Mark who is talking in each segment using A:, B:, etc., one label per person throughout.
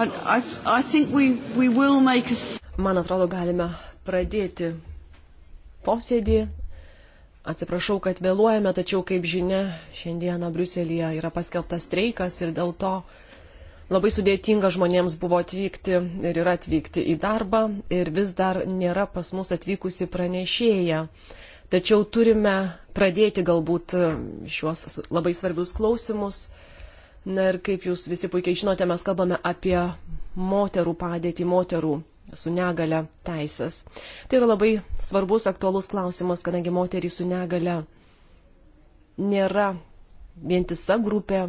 A: I, I we, we a... Man atrodo, galime pradėti posėdį. Atsiprašau, kad vėluojame, tačiau, kaip žinia, šiandieną Briuselėje yra paskelbtas streikas ir dėl to labai sudėtinga žmonėms buvo atvykti ir yra atvykti į darbą ir vis dar nėra pas mus atvykusi pranešėja. Tačiau turime pradėti galbūt šiuos labai svarbius klausimus Na ir kaip jūs visi puikiai žinote, mes kalbame apie moterų padėtį, moterų su negale teisės. Tai yra labai svarbus, aktualus klausimas, kadangi moterys su negale nėra vientisa grupė.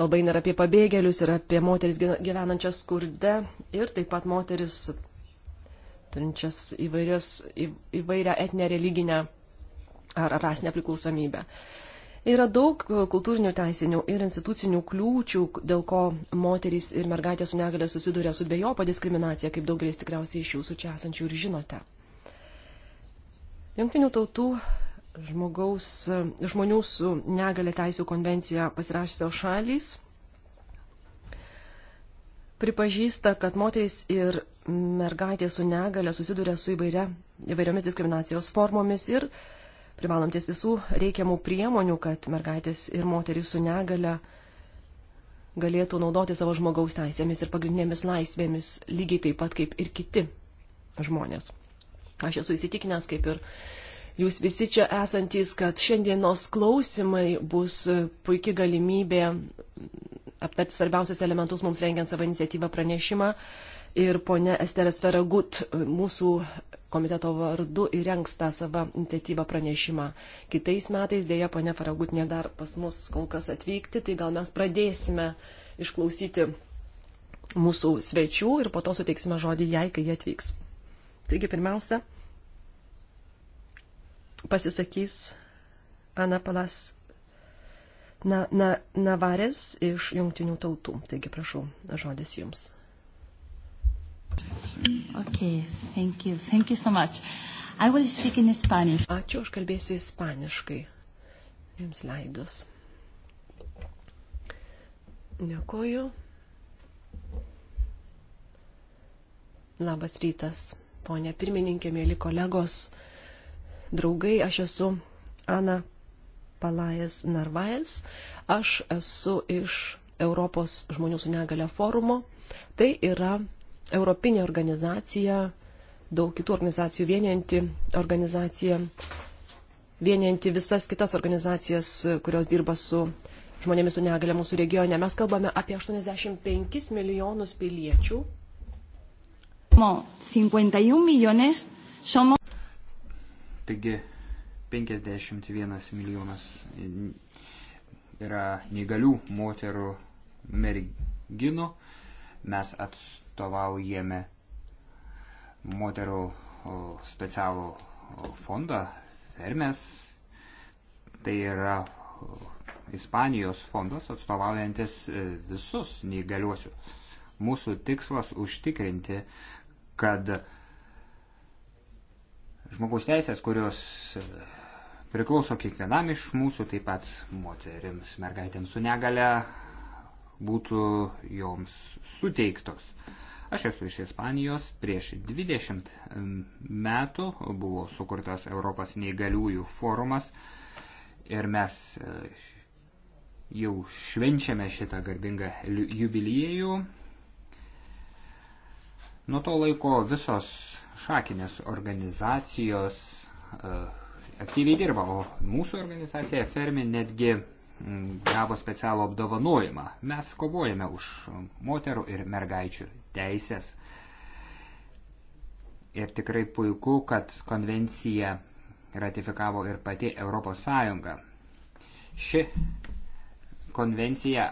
A: Kalba eina apie pabėgėlius ir apie moteris gyvenančias skurde ir taip pat moteris turinčias įvairias, įvairią etnę religinę ar rasinę priklausomybę. Uh, Yra daug kultūrinių teisinių ir institucinių kliūčių, dėl ko moterys ir mergaitės su negale susiduria su dviejopa diskriminacija, kaip daugelis tikriausiai iš jūsų čia esančių ir žinote. Junktinių tautų žmogaus, žmonių su negale teisų konvenciją pasirašysios šalys pripažįsta, kad moterys ir mergaitės su negale susiduria su įvairia, įvairiomis diskriminacijos formomis ir uh, privalomtis visų reikiamų priemonių, kad mergaitės ir moterys su negale galėtų naudoti savo žmogaus teisėmis ir pagrindinėmis laisvėmis lygiai taip pat kaip ir kiti žmonės. Aš esu įsitikinęs, kaip ir jūs visi čia esantys, kad šiandienos klausimai bus puikia galimybė aptarti svarbiausius elementus mums rengiant savo iniciatyvą pranešimą. Ir ponia Esteras Feragut, mūsų komiteto vardu įrengs tą savo iniciatyvą pranešimą. Kitais metais dėja ponia Faragutnė dar pas mus kol kas atvykti, tai gal mes pradėsime išklausyti mūsų svečių ir po to suteiksime žodį jai, kai jie atvyks. Taigi pirmiausia, pasisakys Ana Palas na, na, Navarės iš jungtinių tautų.
B: Taigi prašau, žodis jums. Okay, thank you. Thank you so much. I will speak in Spanish. Ačiū, aš kalbėsiu ispaniškai. Jums leidus. Dėkoju.
A: Labas rytas, ponė pirmininkė, mėly kolegos, draugai, aš esu Ana Palajas Narvajas, aš esu iš Europos žmonių su negale forumo. Tai yra europinė organizacija, daug kitų organizacijų vienianti organizacija, vienianti visas kitas organizacijas, kurios dirba su žmonėmis su negale mūsų regione. Mes kalbame apie 85 milijonus piliečių.
B: 51 milijonės somo.
C: Taigi 51 milijonas yra negalių moterų merginų. Mes atstovame atstovaujame moterų specialų fondą Fermes. Tai yra Ispanijos fondas atstovaujantis e, visus neįgaliuosius. Mūsų tikslas užtikrinti, kad žmogaus teisės, kurios e, priklauso kiekvienam iš mūsų, taip pat moterims, mergaitėms su negale, būtų joms suteiktos. Aš esu iš Ispanijos, prieš 20 metų buvo sukurtas Europos neįgaliųjų forumas ir mes e, jau švenčiame šitą garbingą jubiliejų. Nuo to laiko visos šakinės organizacijos e, aktyviai dirba, o mūsų organizacija Fermi netgi gavo specialų apdovanojimą. Mes kovojame už moterų ir mergaičių teisės. Ir tikrai puiku, kad konvenciją ratifikavo ir pati Europos Sąjunga. Ši konvencija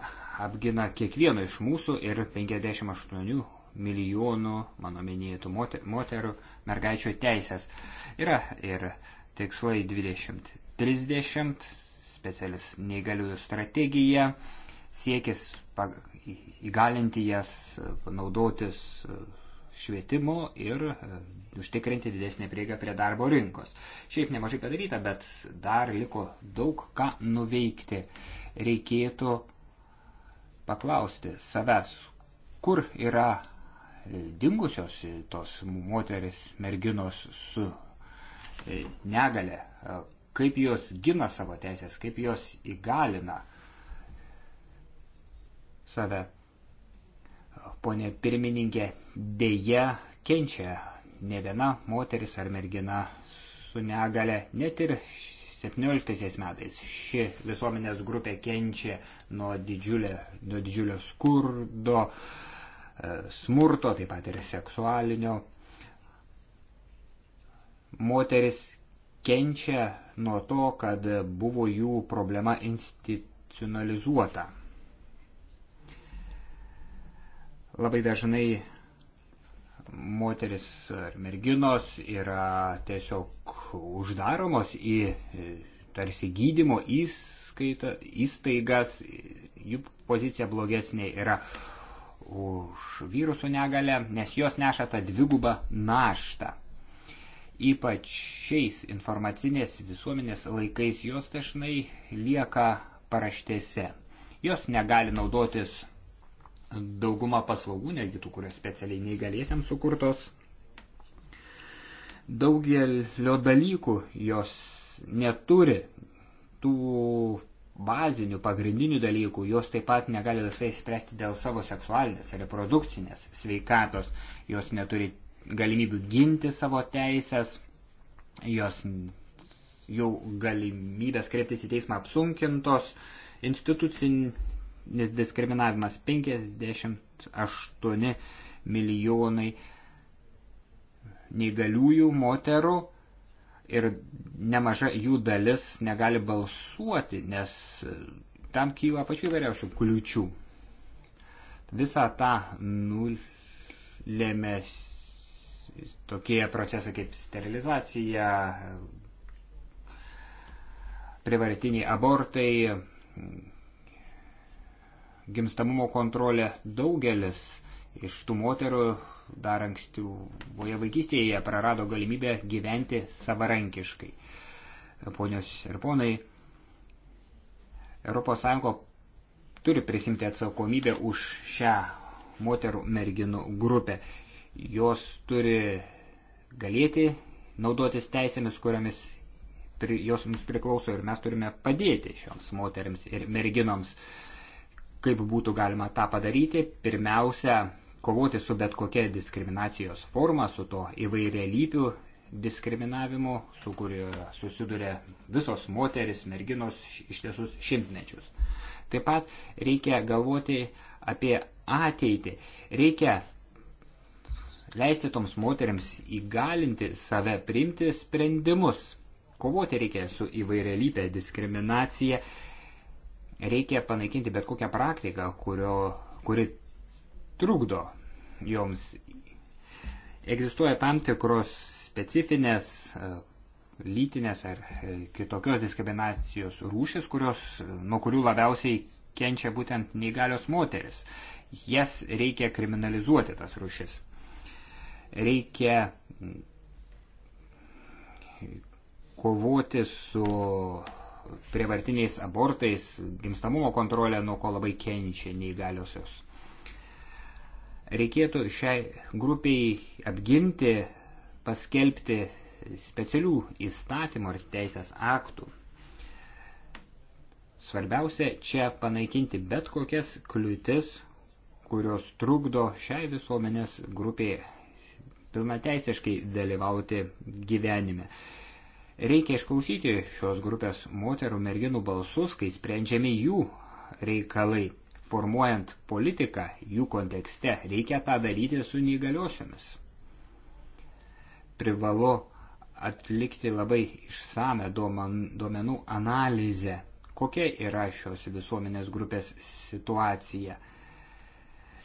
C: apgina kiekvieno iš mūsų ir 58 milijonų mano minėtų moterų mergaičių teisės. Yra ir tikslai 2030 specialis neįgaliųjų strategija, siekis įgalinti jas naudotis švietimu ir e, užtikrinti didesnį prieigą prie darbo rinkos. Šiaip nemažai padaryta, bet dar liko daug ką nuveikti. Reikėtų paklausti savęs, kur yra dingusios tos moteris, merginos su e, negale, e, kaip jos gina savo teisės, kaip jos įgalina save. Pone pirmininkė, dėja kenčia ne viena moteris ar mergina su negale, net ir 17 metais ši visuomenės grupė kenčia nuo didžiulio, nuo didžiulio skurdo, e, smurto, taip pat ir seksualinio. Moteris kenčia nuo to, kad buvo jų problema institucionalizuota. Labai dažnai moteris ar merginos yra tiesiog uždaromos į e, tarsi gydymo įskaitą, įstaigas, jų pozicija blogesnė yra už vyrusų negalę, nes jos neša tą dvigubą naštą. Ypač šiais informacinės visuomenės laikais jos dažnai lieka paraštėse. Jos negali naudotis dauguma paslaugų, netgi tų, kurios specialiai neįgaliesiams sukurtos. Daugelio dalykų jos neturi, tų bazinių, pagrindinių dalykų, jos taip pat negali laisvai spręsti dėl savo seksualinės, reprodukcinės sveikatos, jos neturi galimybių ginti savo teisės, jos jau galimybės kreiptis į teismą apsunkintos, institucinis diskriminavimas 58 milijonai neįgaliųjų moterų ir nemaža jų dalis negali balsuoti, nes tam kyla pačių įvairiausių kliučių. Visą tą nulėmės tokie procesai kaip sterilizacija, privartiniai abortai, gimstamumo kontrolė daugelis iš tų moterų dar ankstyvoje vaikystėje prarado galimybę gyventi savarankiškai. Ponios ir ponai, ES turi prisimti atsakomybę už šią moterų merginų grupę jos turi galėti naudotis teisėmis, kuriamis pri, jos mums priklauso ir mes turime padėti šioms moteriams ir merginoms. Kaip būtų galima tą padaryti? Pirmiausia, kovoti su bet kokia diskriminacijos forma, su to įvairialypiu diskriminavimu, su kuriuo susiduria visos moteris, merginos iš tiesų šimtmečius. Taip pat reikia galvoti apie ateitį. Reikia leisti toms moteriams įgalinti save priimti sprendimus. Kovoti reikia su įvairialypė diskriminacija, reikia panaikinti bet kokią praktiką, kurio, kuri trukdo joms. Egzistuoja tam tikros specifinės e, lytinės ar e, kitokios diskriminacijos rūšis, kurios, e, nuo kurių labiausiai kenčia būtent neįgalios moteris. Jas reikia kriminalizuoti tas rūšis. Reikia kovoti su prievartiniais abortais, gimstamumo kontrolė, nuo ko labai kenčia neįgaliosios. Reikėtų šiai grupiai apginti, paskelbti specialių įstatymų ir teisės aktų. Svarbiausia čia panaikinti bet kokias kliūtis, kurios trukdo šiai visuomenės grupiai pilnateisiškai dalyvauti gyvenime. Reikia išklausyti šios grupės moterų merginų balsus, kai sprendžiami jų reikalai, formuojant politiką jų kontekste. Reikia tą daryti su neįgaliosiomis. Privalu atlikti labai išsame duomenų analizę, kokia yra šios visuomenės grupės situacija.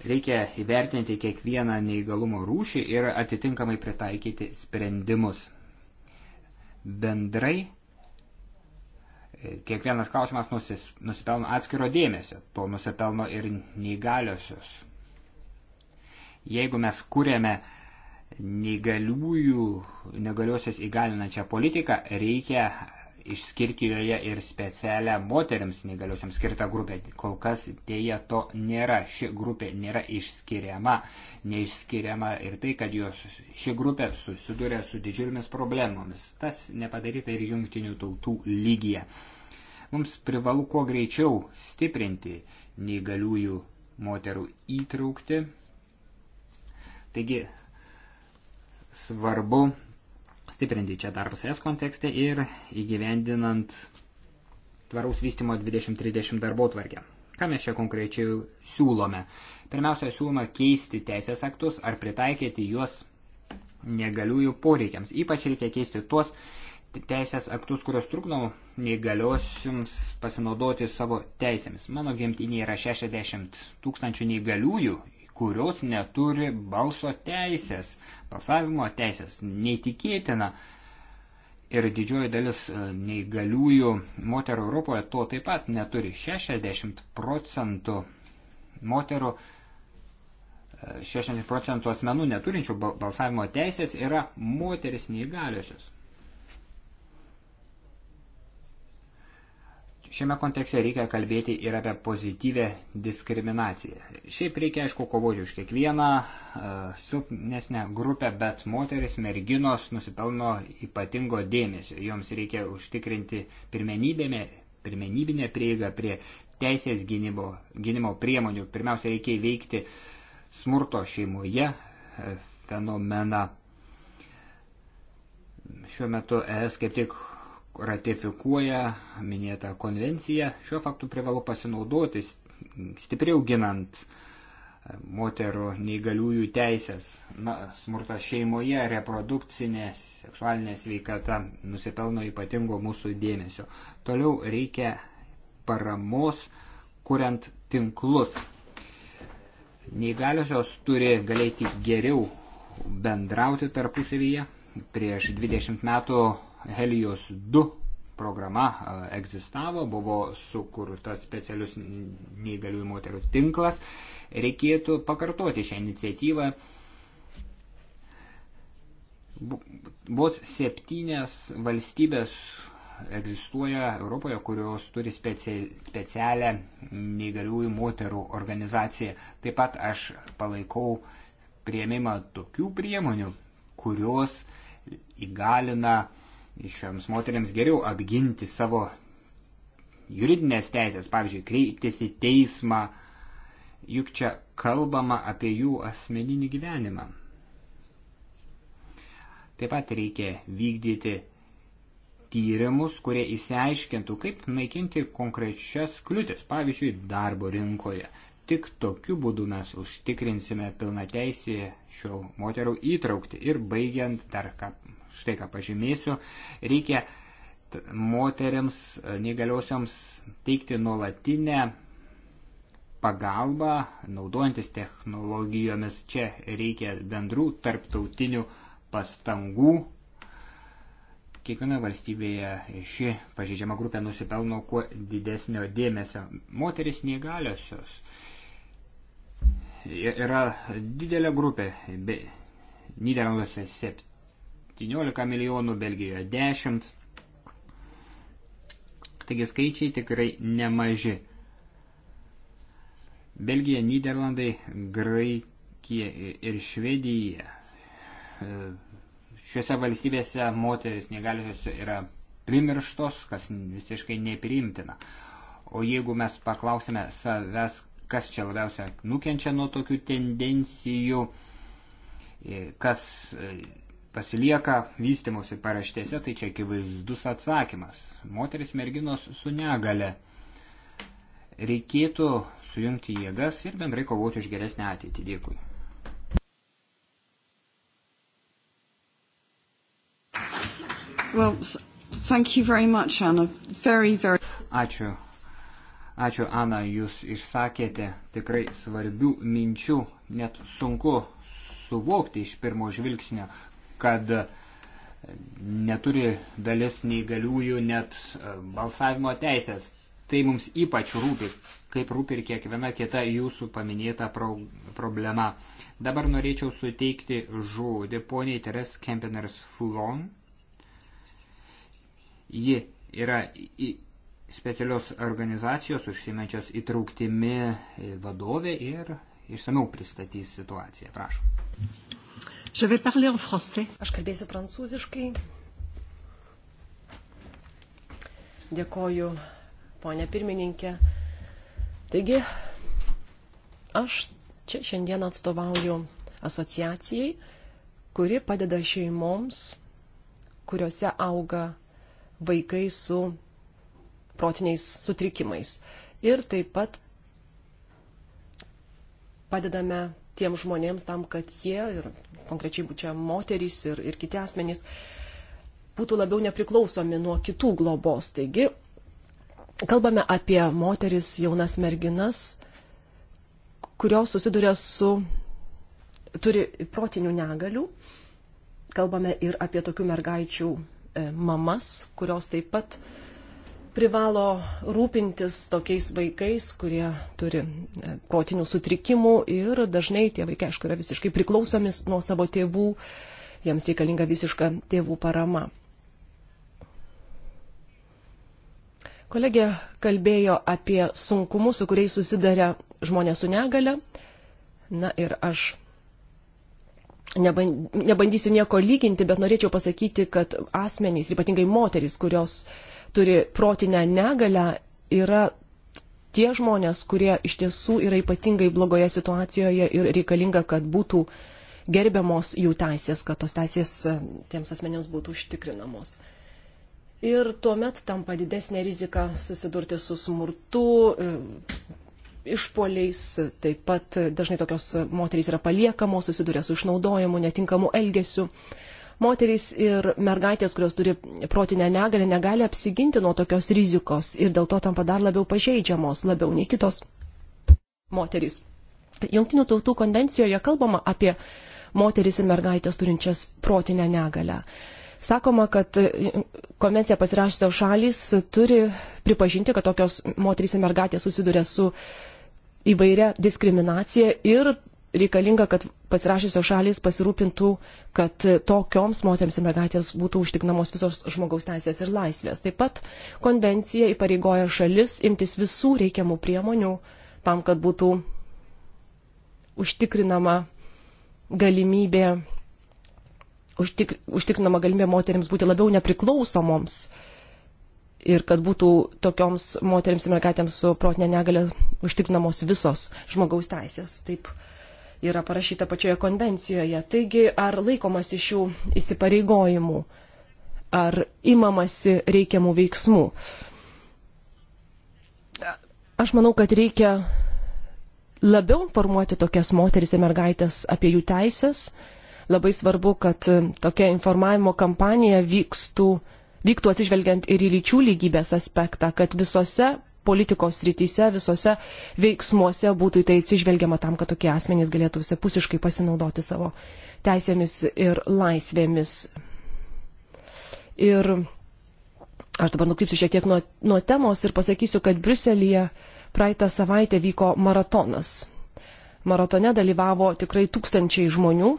C: Reikia įvertinti kiekvieną neįgalumo rūšį ir atitinkamai pritaikyti sprendimus. Bendrai e, kiekvienas klausimas nusis, nusipelno atskiro dėmesio, to nusipelno ir neįgaliosios. Jeigu mes kūrėme neįgaliųjų, negaliosios įgalinančią politiką, reikia išskirti joje ir specialią moteriams negaliusiams skirtą grupę. Kol kas dėja to nėra. Ši grupė nėra išskiriama. Neišskiriama ir tai, kad jos, ši grupė susiduria su didžiulėmis problemomis. Tas nepadaryta ir jungtinių tautų lygyje. Mums privalu kuo greičiau stiprinti neįgaliųjų moterų įtraukti. Taigi svarbu stiprinti čia darbus ES kontekste ir įgyvendinant tvaraus vystimo 2030 darbo tvarkę. Ką mes čia konkrečiai siūlome? Pirmiausia, siūloma keisti teisės aktus ar pritaikyti juos negaliųjų poreikiams. Ypač reikia keisti tuos teisės aktus, kurios trukdo neįgaliosiams pasinaudoti savo teisėmis. Mano gimtinėje yra 60 tūkstančių neįgaliųjų, kurios neturi balso teisės, balsavimo teisės. Neįtikėtina. Ir didžioji dalis e, neįgaliųjų moterų Europoje to taip pat neturi. 60 procentų moterų, 60 e, procentų asmenų neturinčių balsavimo teisės yra moteris neįgaliosios. Šiame kontekste reikia kalbėti ir apie pozityvę diskriminaciją. Šiaip reikia, aišku, kovoti už kiekvieną uh, silpnesnę grupę, bet moteris, merginos nusipelno ypatingo dėmesio. Joms reikia užtikrinti pirmenybinę prieigą prie teisės gynimo, gynimo priemonių. Pirmiausia, reikia įveikti smurto šeimoje e, fenomeną. Šiuo metu ES kaip tik ratifikuoja minėtą konvenciją, šiuo faktu privalu pasinaudoti stipriau ginant e, moterų neįgaliųjų teisės, na, smurtas šeimoje, reprodukcinė, seksualinė sveikata nusipelno ypatingo mūsų dėmesio. Toliau reikia paramos, kuriant tinklus. Neįgaliosios turi galėti geriau bendrauti tarpusavyje. Prieš 20 metų Helios 2 programa e, egzistavo, buvo sukurtas specialius neįgaliųjų moterų tinklas. Reikėtų pakartoti šią iniciatyvą. Vos septynės valstybės egzistuoja Europoje, kurios turi speci specialią neįgaliųjų moterų organizaciją. Taip pat aš palaikau prieimimą tokių priemonių, kurios įgalina uh, šioms moteriams geriau apginti savo juridinės teisės, pavyzdžiui, kreiptis į teismą, juk čia kalbama apie jų asmeninį gyvenimą. Taip pat reikia vykdyti tyrimus, kurie įsiaiškintų, kaip naikinti konkrečias kliūtis, pavyzdžiui, darbo rinkoje. Tik tokiu būdu mes užtikrinsime pilnateisį šio moterų įtraukti. Ir baigiant dar ką štai ką pažymėsiu, reikia moteriams e, negaliosioms teikti nuolatinę pagalbą, naudojantis technologijomis. Čia reikia bendrų tarptautinių pastangų. Kiekvienoje valstybėje ši pažeidžiama grupė nusipelno kuo didesnio dėmesio. Moteris negaliosios yra didelė grupė, Niderlanduose 7 17 milijonų, Belgijoje 10. Taigi skaičiai tikrai nemaži. Belgija, Niderlandai, Graikija ir Švedija. Šiuose valstybėse moteris negaliusios yra primirštos, kas visiškai nepriimtina. O jeigu mes paklausime savęs, kas čia labiausia nukenčia nuo tokių tendencijų, kas pasilieka vystimosi paraštėse, tai čia akivaizdus atsakymas. Moteris merginos su negale. Reikėtų sujungti jėgas ir bendrai kovoti už geresnę ateitį. Dėkui.
D: Well, thank you very much, Anna. Very, very...
C: Ačiū. Ačiū, Ana, jūs išsakėte tikrai svarbių minčių, net sunku suvokti iš pirmo žvilgsnio, kad neturi dalis neįgaliųjų net e, balsavimo teisės. Tai mums ypač rūpi, kaip rūpi ir kiekviena kita jūsų paminėta pro problema. Dabar norėčiau suteikti žodį poniai Teres Kempiners Fulon. Ji yra specialios organizacijos užsimenčios įtrauktimi vadovė ir išsamiau pristatys situaciją. Prašom.
A: Aš kalbėsiu prancūziškai. Dėkoju, ponė pirmininkė. Taigi, aš čia šiandien atstovauju asociacijai, kuri padeda šeimoms, kuriuose auga vaikai su protiniais sutrikimais. Ir taip pat padedame tiem žmonėms tam, kad jie, ir konkrečiai čia moterys ir, ir kiti asmenys, būtų labiau nepriklausomi nuo kitų globos. Taigi, kalbame apie moteris, jaunas merginas, kurios susiduria su, turi protinių negalių. Kalbame ir apie tokių mergaičių e, mamas, kurios taip pat uh, privalo rūpintis tokiais vaikais, kurie turi e, protinių sutrikimų ir dažnai tie vaikai, aišku, yra visiškai priklausomis nuo savo tėvų, jiems reikalinga visiška tėvų parama. Kolegė kalbėjo apie sunkumus, su kuriais susidaria žmonės su negale. Na ir aš nebandysiu nieko lyginti, bet norėčiau pasakyti, kad asmenys, ypatingai moterys, kurios uh, turi protinę negalę, yra tie žmonės, kurie iš tiesų yra ypatingai blogoje situacijoje ir reikalinga, kad būtų gerbiamos jų teisės, kad tos teisės e, tiems asmenėms būtų užtikrinamos. Ir tuomet tampa didesnė rizika susidurti su smurtu, e, išpoliais, taip pat dažnai tokios moterys yra paliekamos, susiduria su išnaudojimu, netinkamu elgesiu moterys ir mergaitės, kurios turi protinę negalę, negali apsiginti nuo tokios rizikos ir dėl to tampa dar labiau pažeidžiamos, labiau nei kitos moterys. Junktinių tautų konvencijoje kalbama apie moteris ir mergaitės turinčias protinę negalę. Sakoma, kad konvenciją pasirašusios šalys turi pripažinti, kad tokios moterys ir mergaitės susiduria su įvairia diskriminacija ir reikalinga, kad pasirašysios šalis pasirūpintų, kad tokioms moteriams ir mergaitėms būtų užtikrinamos visos žmogaus teisės ir laisvės. Taip pat konvencija įpareigoja šalis imtis visų reikiamų priemonių tam, kad būtų užtikrinama galimybė, užtik, užtikrinama galimybė moteriams būti labiau nepriklausomoms ir kad būtų tokioms moteriams ir mergaitėms su protinė negalė užtikrinamos visos žmogaus teisės. Taip yra parašyta pačioje konvencijoje. Taigi, ar laikomasi šių įsipareigojimų, ar imamasi reikiamų veiksmų? Aš manau, kad reikia labiau informuoti tokias moteris ir mergaitės apie jų teisės. Labai svarbu, kad tokia informavimo kampanija vykstų, vyktų atsižvelgiant ir į lyčių lygybės aspektą, kad visose politikos rytise, visose veiksmuose būtų į tai atsižvelgiama tam, kad tokie asmenys galėtų visapusiškai pasinaudoti savo teisėmis ir laisvėmis. Ir aš dabar nukrypsiu šiek tiek nuo, nuo temos ir pasakysiu, kad Briuselėje praeitą savaitę vyko maratonas. Maratone dalyvavo tikrai tūkstančiai žmonių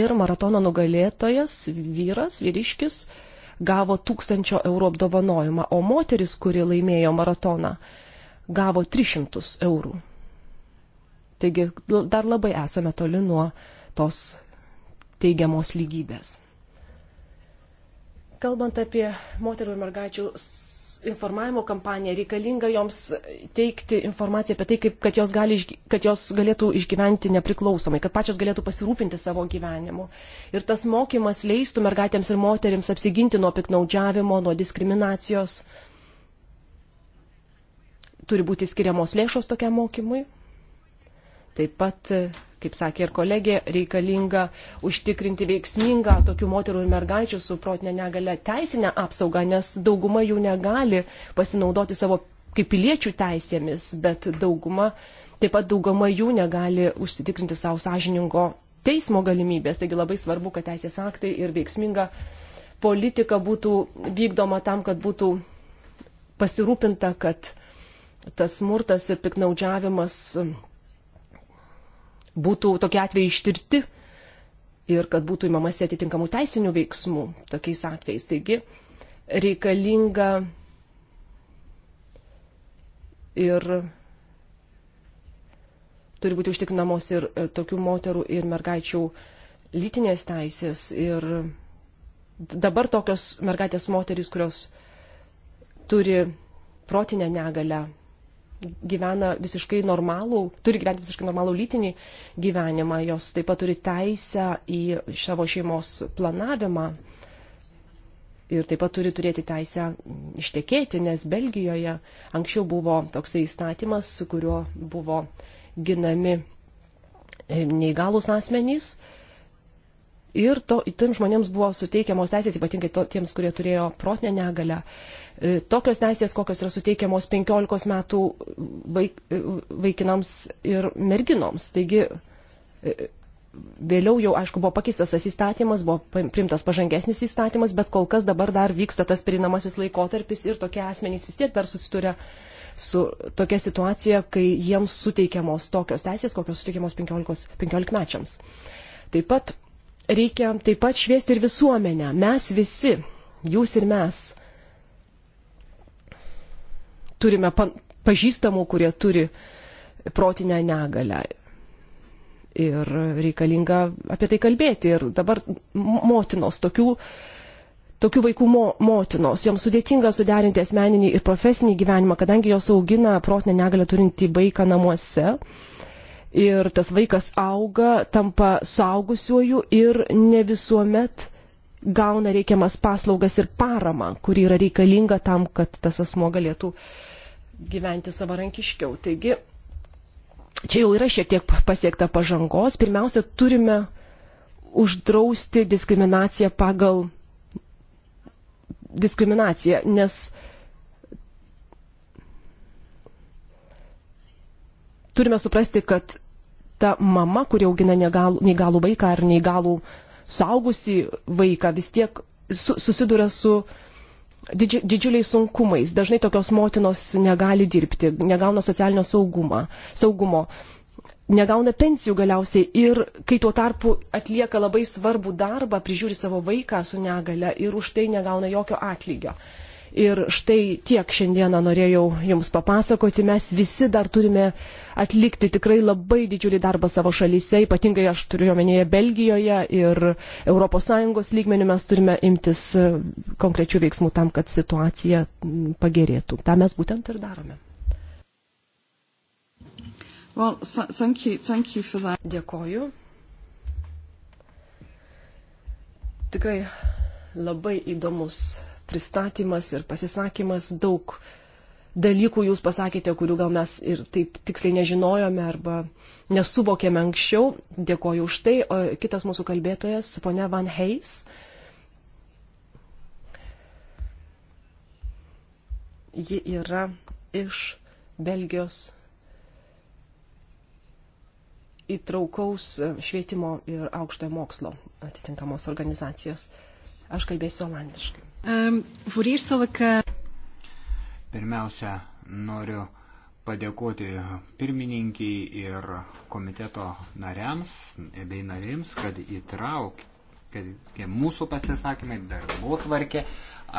A: ir maratono nugalėtojas, vyras, vyriškis, gavo tūkstančio eurų apdovanojimą, o moteris, kuri laimėjo maratoną, gavo 300 eurų. Taigi dar labai esame toli nuo tos teigiamos lygybės. Kalbant apie moterų ir mergaičių informavimo kampanija, reikalinga joms teikti informaciją apie tai, kaip, kad, jos gali, kad jos galėtų išgyventi nepriklausomai, kad pačios galėtų pasirūpinti savo gyvenimu. Ir tas mokymas leistų mergaitėms ir moteriams apsiginti nuo piknaudžiavimo, nuo diskriminacijos. Turi būti skiriamos lėšos tokiam mokymui. Taip pat, kaip sakė ir kolegė, reikalinga užtikrinti veiksmingą tokių moterų ir mergaičių su protinė negale teisinę apsaugą, nes dauguma jų negali pasinaudoti savo kaip piliečių teisėmis, bet dauguma, taip pat dauguma jų negali užsitikrinti savo sąžiningo teismo galimybės. Taigi labai svarbu, kad teisės aktai ir veiksminga politika būtų vykdoma tam, kad būtų pasirūpinta, kad tas smurtas ir piknaudžiavimas būtų tokie atvejai ištirti ir kad būtų įmamasi atitinkamų teisinių veiksmų tokiais atvejais. Taigi reikalinga ir turi būti užtikrinamos ir e, tokių moterų ir mergaičių lytinės teisės. Ir dabar tokios mergaitės moterys, kurios turi protinę negalę, gyvena visiškai normalų, turi gyventi visiškai normalų lytinį gyvenimą, jos taip pat turi teisę į savo šeimos planavimą ir taip pat turi turėti teisę ištekėti, nes Belgijoje anksčiau buvo toksai įstatymas, su kuriuo buvo ginami e, neįgalus asmenys. Ir to, tiems žmonėms buvo suteikiamos teisės, ypatingai to, tiems, kurie turėjo protinę negalę. Uh, E, tokios teisės, kokios yra suteikiamos 15 metų vaik, e, vaikinams ir merginoms. Taigi e, vėliau jau, aišku, buvo pakeistas tas įstatymas, buvo primtas pažangesnis įstatymas, bet kol kas dabar dar vyksta tas perinamasis laikotarpis ir tokie asmenys vis tiek dar susituria su tokia situacija, kai jiems suteikiamos tokios teisės, kokios suteikiamos 15, 15 mečiams. Taip pat reikia taip pat šviesti ir visuomenę. Mes visi, jūs ir mes, turime pažįstamų, kurie turi protinę negalę. Ir reikalinga apie tai kalbėti. Ir dabar motinos, tokių, tokių vaikų mo, motinos, joms sudėtinga suderinti asmeninį ir profesinį gyvenimą, kadangi jos augina protinę negalę turinti vaiką namuose ir tas vaikas auga, tampa suaugusiuoju ir ne visuomet gauna reikiamas paslaugas ir paramą, kuri yra reikalinga tam, kad tas asmo galėtų gyventi savarankiškiau. Taigi, čia jau yra šiek tiek pasiekta pažangos. Pirmiausia, turime uždrausti diskriminaciją pagal diskriminaciją, nes turime suprasti, kad ta mama, kuri augina negalų, neįgalų vaiką ar neįgalų saugusi vaiką vis tiek su, susiduria su didži, didžiuliais sunkumais. Dažnai tokios motinos negali dirbti, negauna socialinio saugumą, saugumo, negauna pensijų galiausiai ir kai tuo tarpu atlieka labai svarbų darbą, prižiūri savo vaiką su negale ir už tai negauna jokio atlygio. Uh, Ir štai tiek šiandieną norėjau Jums papasakoti. Mes visi dar turime atlikti tikrai labai didžiulį darbą savo šalyse, ypatingai aš turiu omenyje Belgijoje ir ES lygmenių mes turime imtis e, konkrečių veiksmų tam, kad situacija pagerėtų. Ta mes būtent ir darome.
D: Well, thank you, thank
E: you
A: Dėkoju. Tikrai labai įdomus pristatymas ir pasisakymas, daug dalykų jūs pasakėte, kurių gal mes ir taip tiksliai nežinojome arba nesuvokėme anksčiau. Dėkoju už tai. O kitas mūsų kalbėtojas, ponia Van Heis. Ji yra iš Belgijos įtraukaus švietimo ir aukštojo mokslo atitinkamos organizacijos. Aš kalbėsiu olandiškai. Ehm, eh,
C: Pirmiausia, noriu padėkoti pirmininkiai ir komiteto nariams e, bei narims, kad įtraukė kad mūsų pasisakymai darbo tvarkė.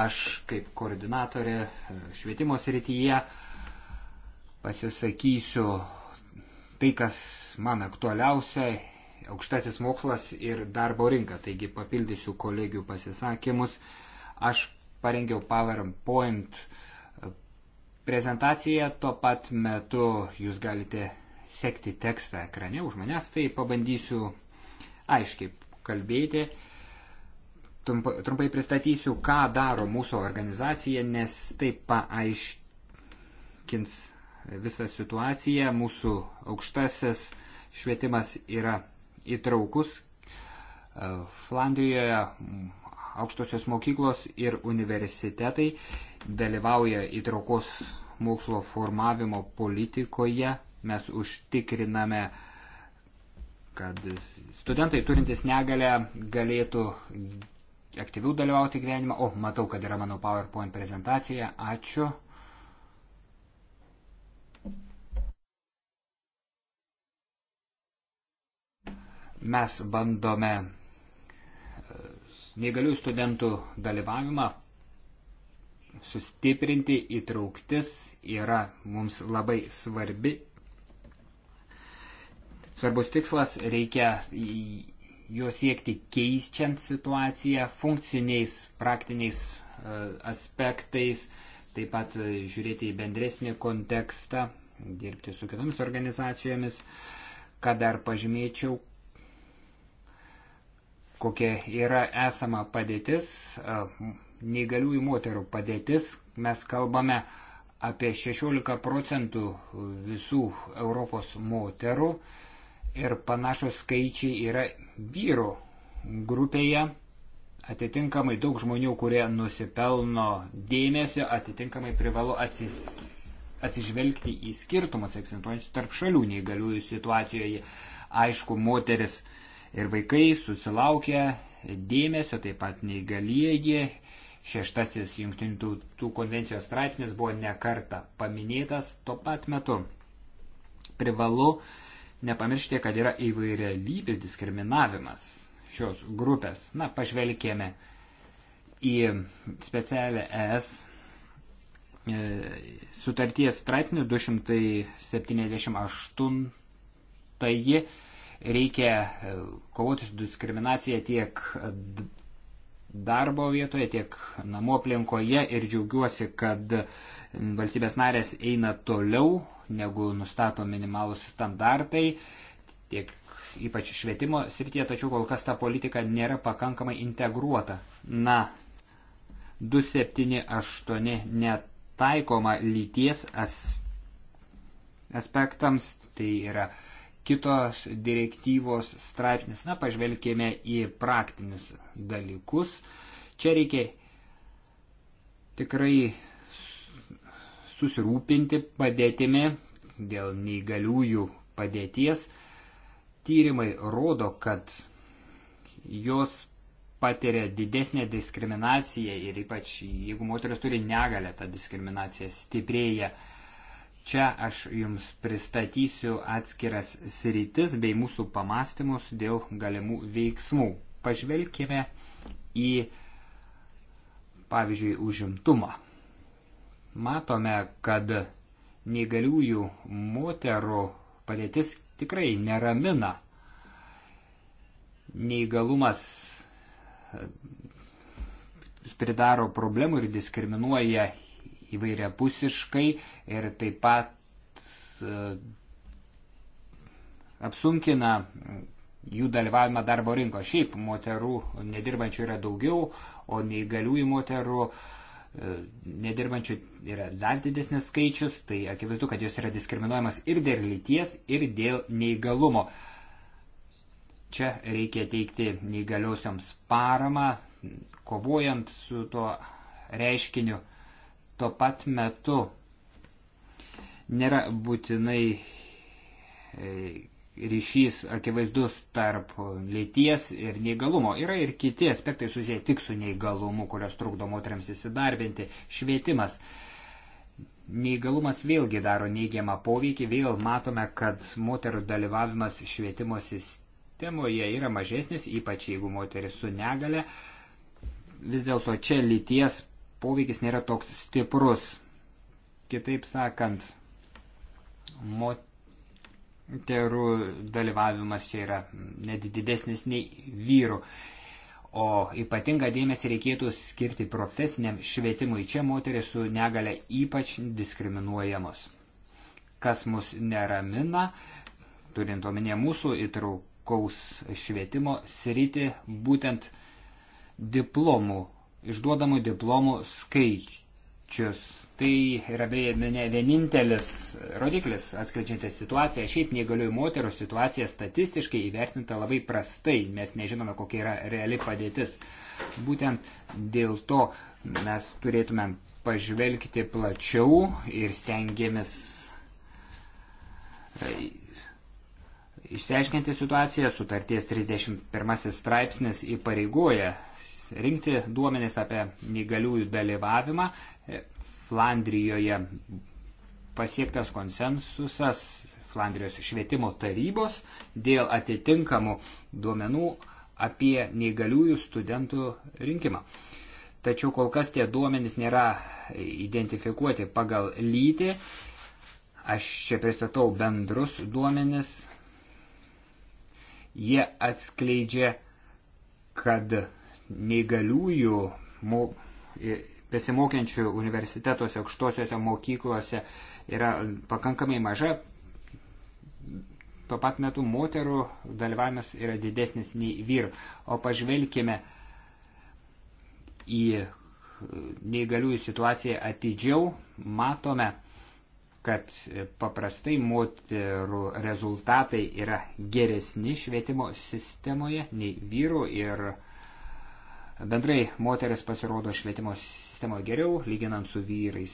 C: Aš kaip koordinatorė e, švietimo srityje pasisakysiu tai, kas man aktualiausia - aukštasis mokslas ir darbo rinka. Taigi papildysiu kolegių pasisakymus. Uh, Aš parengiau PowerPoint e, prezentaciją, tuo pat metu jūs galite sekti tekstą ekrane už manęs, tai pabandysiu aiškiai kalbėti. Trumpai pristatysiu, ką daro mūsų organizacija, nes tai paaiškins visą situaciją. Mūsų aukštasis švietimas yra įtraukus. E, Flandrijoje aukštosios mokyklos ir universitetai dalyvauja įtraukos mokslo formavimo politikoje. Mes užtikriname, kad studentai turintys negalę galėtų aktyviau dalyvauti gyvenime. O, matau, kad yra mano PowerPoint prezentacija. Ačiū. Mes bandome neįgalių studentų dalyvavimą sustiprinti įtrauktis yra mums labai svarbi. Svarbus tikslas reikia juos siekti keičiant situaciją funkciniais, praktiniais e, aspektais, taip pat žiūrėti į bendresnį kontekstą, dirbti su kitomis organizacijomis. Ką dar pažymėčiau, kokia yra esama padėtis, neįgaliųjų moterų padėtis. Mes kalbame apie 16 procentų visų Europos moterų ir panašus skaičiai yra vyrų grupėje. Atitinkamai daug žmonių, kurie nusipelno dėmesio, atitinkamai privalo atsis, atsižvelgti į skirtumus egzistuojančius tarp šalių neįgaliųjų situacijoje. Aišku, moteris uh, ir vaikai susilaukia dėmesio, taip pat neįgalieji. Šeštasis jungtinių tautų konvencijos straipsnis buvo nekarta paminėtas tuo pat metu. Privalu nepamiršti, kad yra įvairia lybis diskriminavimas šios grupės. Na, pažvelkėme į specialią ES e, sutarties straipsnių 278 reikia e, kovoti su diskriminacija tiek darbo vietoje, tiek namų aplinkoje ir džiaugiuosi, kad valstybės narės eina toliau negu nustato minimalus standartai, tiek ypač švietimo srityje, tačiau kol kas ta politika nėra pakankamai integruota. Na, 278 netaikoma lyties as, aspektams, tai yra uh, kitos direktyvos straipsnis. Na, pažvelkime į praktinius dalykus. Čia reikia tikrai susirūpinti padėtimi dėl neįgaliųjų padėties. Tyrimai rodo, kad jos patiria didesnę diskriminaciją ir ypač jeigu moteris turi negalę, ta diskriminacija stiprėja. Čia aš jums pristatysiu atskiras sritis bei mūsų pamastymus dėl galimų veiksmų. Pažvelkime į, pavyzdžiui, užimtumą. Matome, kad neįgaliųjų moterų padėtis tikrai neramina. Neįgalumas e, pridaro problemų ir diskriminuoja įvairiapusiškai ir taip pat e, apsunkina jų dalyvavimą darbo rinko. Šiaip moterų nedirbančių yra daugiau, o neįgaliųjų moterų e, nedirbančių yra dar didesnis skaičius, tai akivaizdu, kad jos yra diskriminuojamas ir dėl lyties, ir dėl neįgalumo. Čia reikia teikti neįgaliosioms paramą, kovojant su tuo reiškiniu tuo pat metu nėra būtinai e, ryšys akivaizdus tarp lyties ir neįgalumo. Yra ir kiti aspektai susiję tik su neįgalumu, kurios trukdo moteriams įsidarbinti. Švietimas. Neįgalumas vėlgi daro neigiamą poveikį, vėl matome, kad moterų dalyvavimas švietimo sistemoje yra mažesnis, ypač jeigu moteris su negale. Vis dėlto čia lyties poveikis nėra toks stiprus. Kitaip sakant, moterų dalyvavimas čia yra net didesnis nei vyrų. O ypatingą dėmesį reikėtų skirti profesiniam švietimui. Čia moteris su negale ypač diskriminuojamos. Kas mus neramina, turint omenyje mūsų įtraukaus švietimo sritį, būtent diplomų išduodamų diplomų skaičius. Tai yra beje ne vienintelis rodiklis atskleidžiantis situaciją. Šiaip neįgaliųjų moterų situacija statistiškai įvertinta labai prastai. Mes nežinome, kokia yra reali padėtis. Būtent dėl to mes turėtumėm pažvelgti plačiau ir stengiamės e, Išsiaiškinti situaciją, sutarties 31 straipsnis įpareigoja rinkti duomenis apie neįgaliųjų dalyvavimą. Flandrijoje pasiektas konsensusas Flandrijos švietimo tarybos dėl atitinkamų duomenų apie neįgaliųjų studentų rinkimą. Tačiau kol kas tie duomenys nėra identifikuoti pagal lytį. Aš čia pristatau bendrus duomenis. Jie atskleidžia, kad neįgaliųjų mo, besimokiančių universitetuose, aukštosiuose mokyklose yra pakankamai maža. Tuo pat metu moterų dalyvavimas yra didesnis nei vyrų. O pažvelkime į neįgaliųjų situaciją atidžiau, matome, kad paprastai moterų rezultatai yra geresni švietimo sistemoje nei vyrų ir Bendrai moteris pasirodo švietimo sistemoje geriau, lyginant su vyrais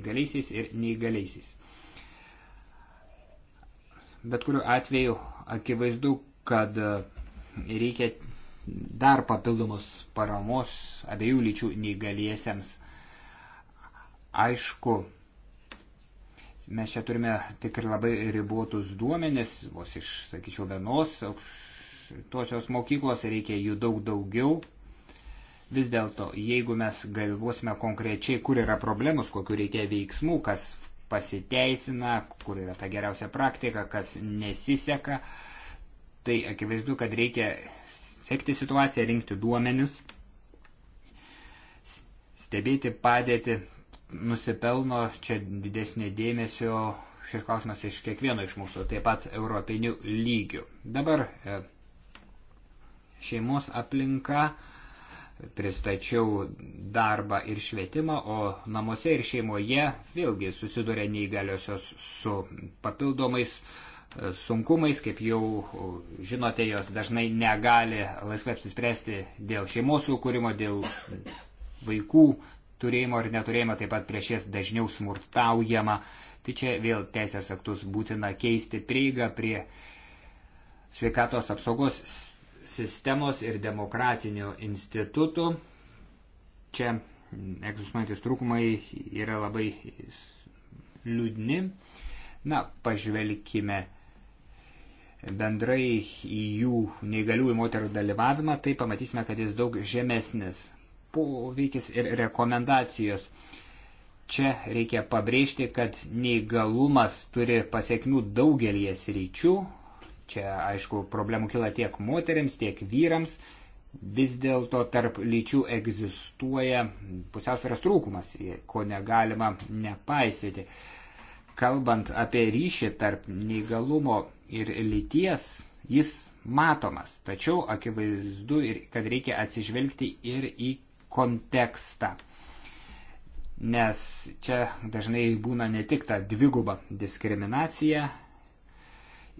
C: įgaliaisiais ir neįgaliaisiais. Bet kuriuo atveju akivaizdu, kad reikia dar papildomos paramos abiejų lyčių neįgaliesiems. Aišku, mes čia turime tik ir labai ribotus duomenis, vos iš, sakyčiau, vienos aukš aukštosios mokyklos, reikia jų daug daugiau. Vis dėlto, jeigu mes galvosime konkrečiai, kur yra problemus, kokiu reikia veiksmų, kas pasiteisina, kur yra ta geriausia praktika, kas nesiseka, tai akivaizdu, kad reikia sekti situaciją, rinkti duomenis, stebėti padėti, nusipelno čia didesnė dėmesio šis klausimas iš kiekvieno iš mūsų, taip pat europinių lygių. Dabar e, šeimos aplinka, pristačiau darbą ir švietimą, o namuose ir šeimoje vėlgi susiduria neįgaliosios su papildomais e, sunkumais, kaip jau žinote, jos dažnai negali laisvai apsispręsti dėl šeimos sukūrimo, dėl vaikų turėjimo ar neturėjimo, taip pat prieš jas dažniau smurtaujama. Tai čia vėl teisės aktus būtina keisti prieigą prie sveikatos apsaugos sistemos ir demokratinių institutų. Čia egzistuojantis trūkumai yra labai liūdni. Na, pažvelkime bendrai į jų neįgaliųjų moterų dalyvavimą, tai pamatysime, kad jis daug žemesnis poveikis ir rekomendacijos. Čia reikia pabrėžti, kad neįgalumas turi pasiekmių daugelį sričių, Čia, aišku, problemų kila tiek moteriams, tiek vyrams. Vis dėlto tarp lyčių egzistuoja pusiausvėros trūkumas, ko negalima nepaisyti. Kalbant apie ryšį tarp neįgalumo ir lyties, jis matomas, tačiau akivaizdu, ir, kad reikia atsižvelgti ir į kontekstą. Nes čia dažnai būna ne tik ta dviguba diskriminacija,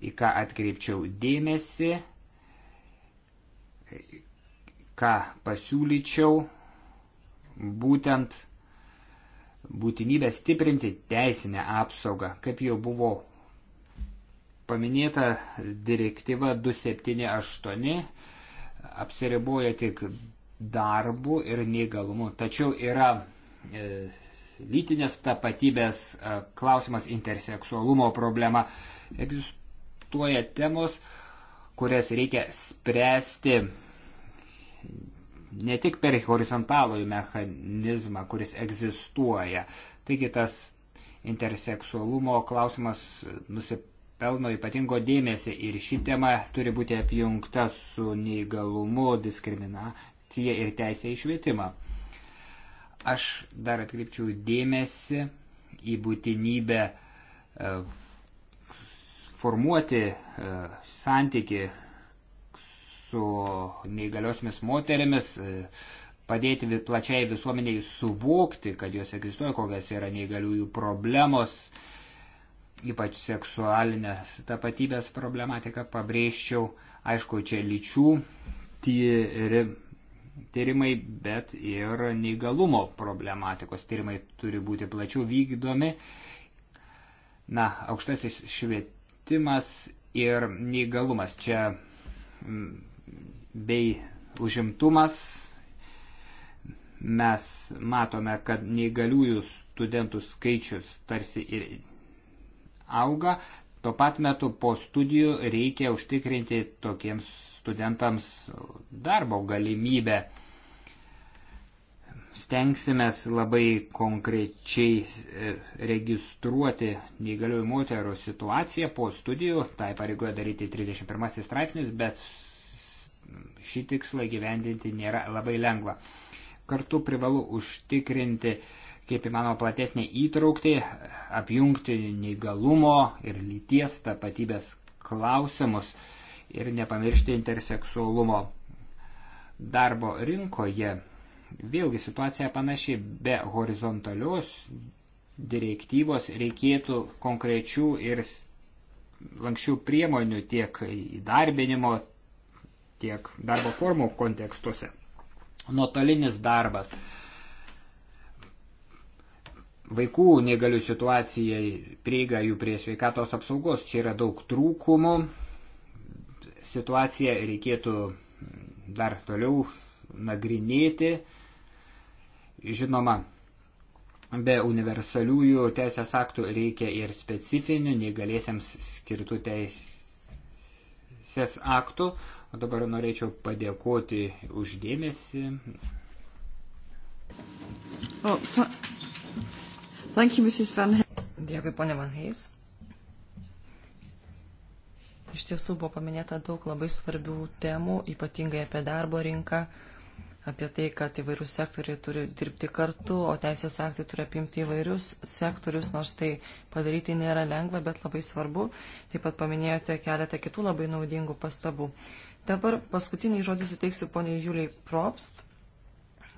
C: į ką atkreipčiau dėmesį, ką pasiūlyčiau, būtent būtinybę stiprinti teisinę apsaugą, kaip jau buvo paminėta direktyva 278 apsiriboja tik darbų ir neįgalumų. Tačiau yra e, lytinės tapatybės e, klausimas interseksualumo problema. Egzistuoja diktuoja temos, kurias reikia spręsti ne tik per horizontalųjį mechanizmą, kuris egzistuoja. Taigi tas interseksualumo klausimas nusipelno ypatingo dėmesį ir ši tema turi būti apjungta su neįgalumu, diskriminacija ir teisė į švietimą. Aš dar atkreipčiau dėmesį į būtinybę e, formuoti e, santyki su neįgaliosiomis moterimis, e, padėti plačiai visuomeniai suvokti, kad jos egzistuoja, kokias yra neįgaliųjų problemos, ypač seksualinės tapatybės problematika, pabrėžčiau, aišku, čia lyčių tyri, tyrimai, bet ir neįgalumo problematikos tyrimai turi būti plačiau vykdomi. Na, aukštasis švietimas švietimas ir neįgalumas čia mm, bei užimtumas. Mes matome, kad neįgaliųjų studentų skaičius tarsi ir auga. Tuo pat metu po studijų reikia užtikrinti tokiems studentams darbo galimybę stengsime labai konkrečiai e, registruoti neįgaliųjų moterų situaciją po studijų, tai pareigoja daryti 31 straipsnis, bet šį tikslą gyvendinti nėra labai lengva. Kartu privalu užtikrinti, kaip įmanoma, platesnį įtraukti, apjungti neįgalumo ir lyties tapatybės klausimus ir nepamiršti interseksualumo darbo rinkoje Vėlgi situacija panaši, be horizontalios direktyvos reikėtų konkrečių ir lankščių priemonių tiek įdarbinimo, tiek darbo formų kontekstuose. Nuotolinis darbas. Vaikų negalių situacijai prieiga jų prie sveikatos apsaugos. Čia yra daug trūkumų. Situaciją reikėtų dar toliau nagrinėti. Žinoma, be universaliųjų teisės aktų reikia ir specifinių, negalėsiams skirtų teisės aktų. O dabar norėčiau padėkoti uždėmesi.
D: Oh, thank you, Mrs. Van Dėkui, ponė Van Heis. Iš tiesų buvo paminėta daug labai svarbių temų, ypatingai apie darbo rinką, uh, apie tai, kad įvairių sektoriai turi dirbti kartu, o teisės aktai turi apimti įvairius sektorius, nors tai padaryti nėra lengva, bet labai svarbu. Taip pat paminėjote keletą kitų labai naudingų pastabų. Dabar paskutinį žodį suteiksiu poniai Juliai Probst,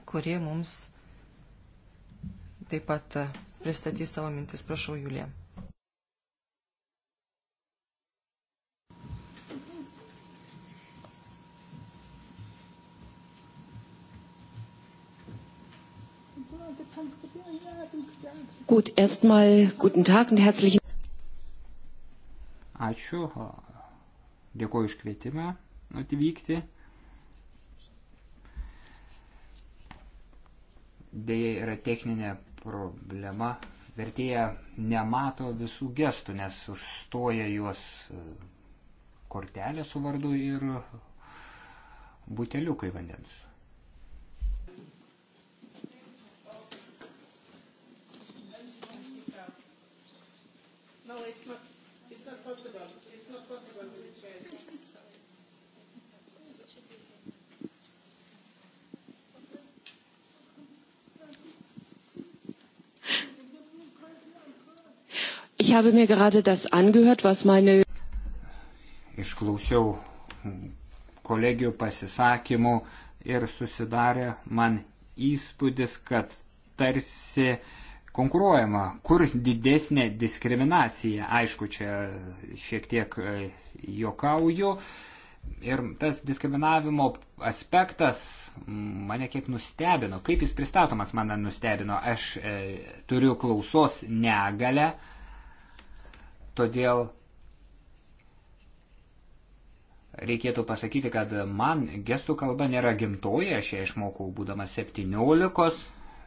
D: kuri mums taip pat pristatys savo mintis. Prašau, Julija.
E: Gut, erstmal guten Tag und herzlichen
C: Ačiū. Dėkuoju iš kvietimą atvykti. Deja yra techninė problema. Vertėja nemato visų gestų, nes užstoja juos e, kortelė su vardu ir buteliukai vandens.
E: no, it's not, it's not possible. It's not possible with the chairs. Ich habe mir gerade das angehört, was meine.
C: Išklausiau kolegijų pasisakymų ir susidarė man įspūdis, kad tarsi uh, konkuruojama, kur didesnė diskriminacija. Aišku, čia šiek tiek e, jokauju. Ir tas diskriminavimo aspektas mane kiek nustebino. Kaip jis pristatomas mane nustebino. Aš e, turiu klausos negalę, todėl reikėtų pasakyti, kad man gestų kalba nėra gimtoji, aš ją išmokau būdamas 17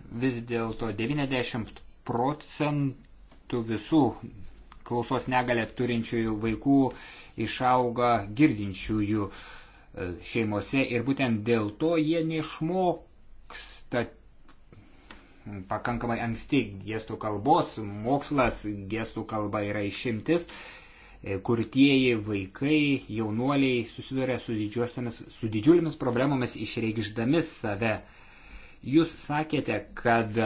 C: vis dėlto 90 procentų visų klausos negalę turinčiųjų vaikų išauga girdinčiųjų e, šeimose ir būtent dėl to jie neišmoksta pakankamai anksti gestų kalbos, mokslas gestų kalba yra išimtis, e, kurtieji vaikai, jaunuoliai susiduria su, su didžiulėmis problemomis išreikšdami save Jūs sakėte, kad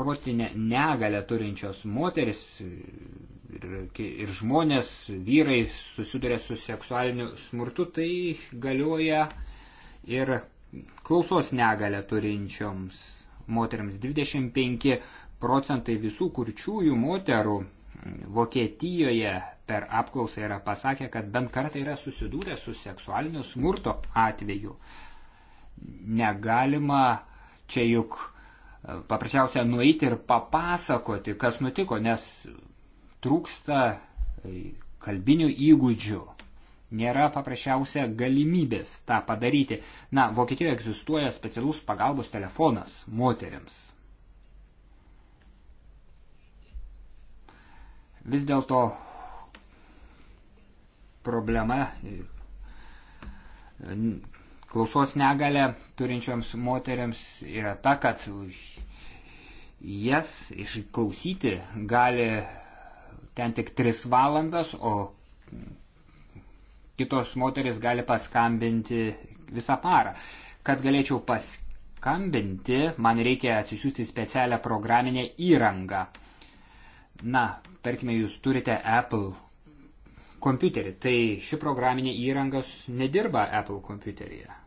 C: protinę negalę turinčios moteris ir, ir žmonės, vyrai susiduria su seksualiniu smurtu, tai galioja ir klausos negalę turinčioms moteriams. 25 procentai visų kurčiųjų moterų Vokietijoje per apklausą yra pasakę, kad bent kartą yra susidūrę su seksualinio smurto atveju. Negalima uh, Čia juk e, paprasčiausia nueiti ir papasakoti, kas nutiko, nes trūksta e, kalbinių įgūdžių. Nėra paprasčiausia galimybės tą padaryti. Na, Vokietijoje egzistuoja specialus pagalbos telefonas moteriams. Vis dėlto problema e, klausos negalę turinčioms moteriams yra ta, kad jas išklausyti gali ten tik 3 valandas, o kitos moteris gali paskambinti visą parą. Kad galėčiau paskambinti, man reikia atsisiųsti specialią programinę įrangą. Na, tarkime, jūs turite Apple kompiuterį, tai ši programinė įrangos nedirba Apple kompiuteryje.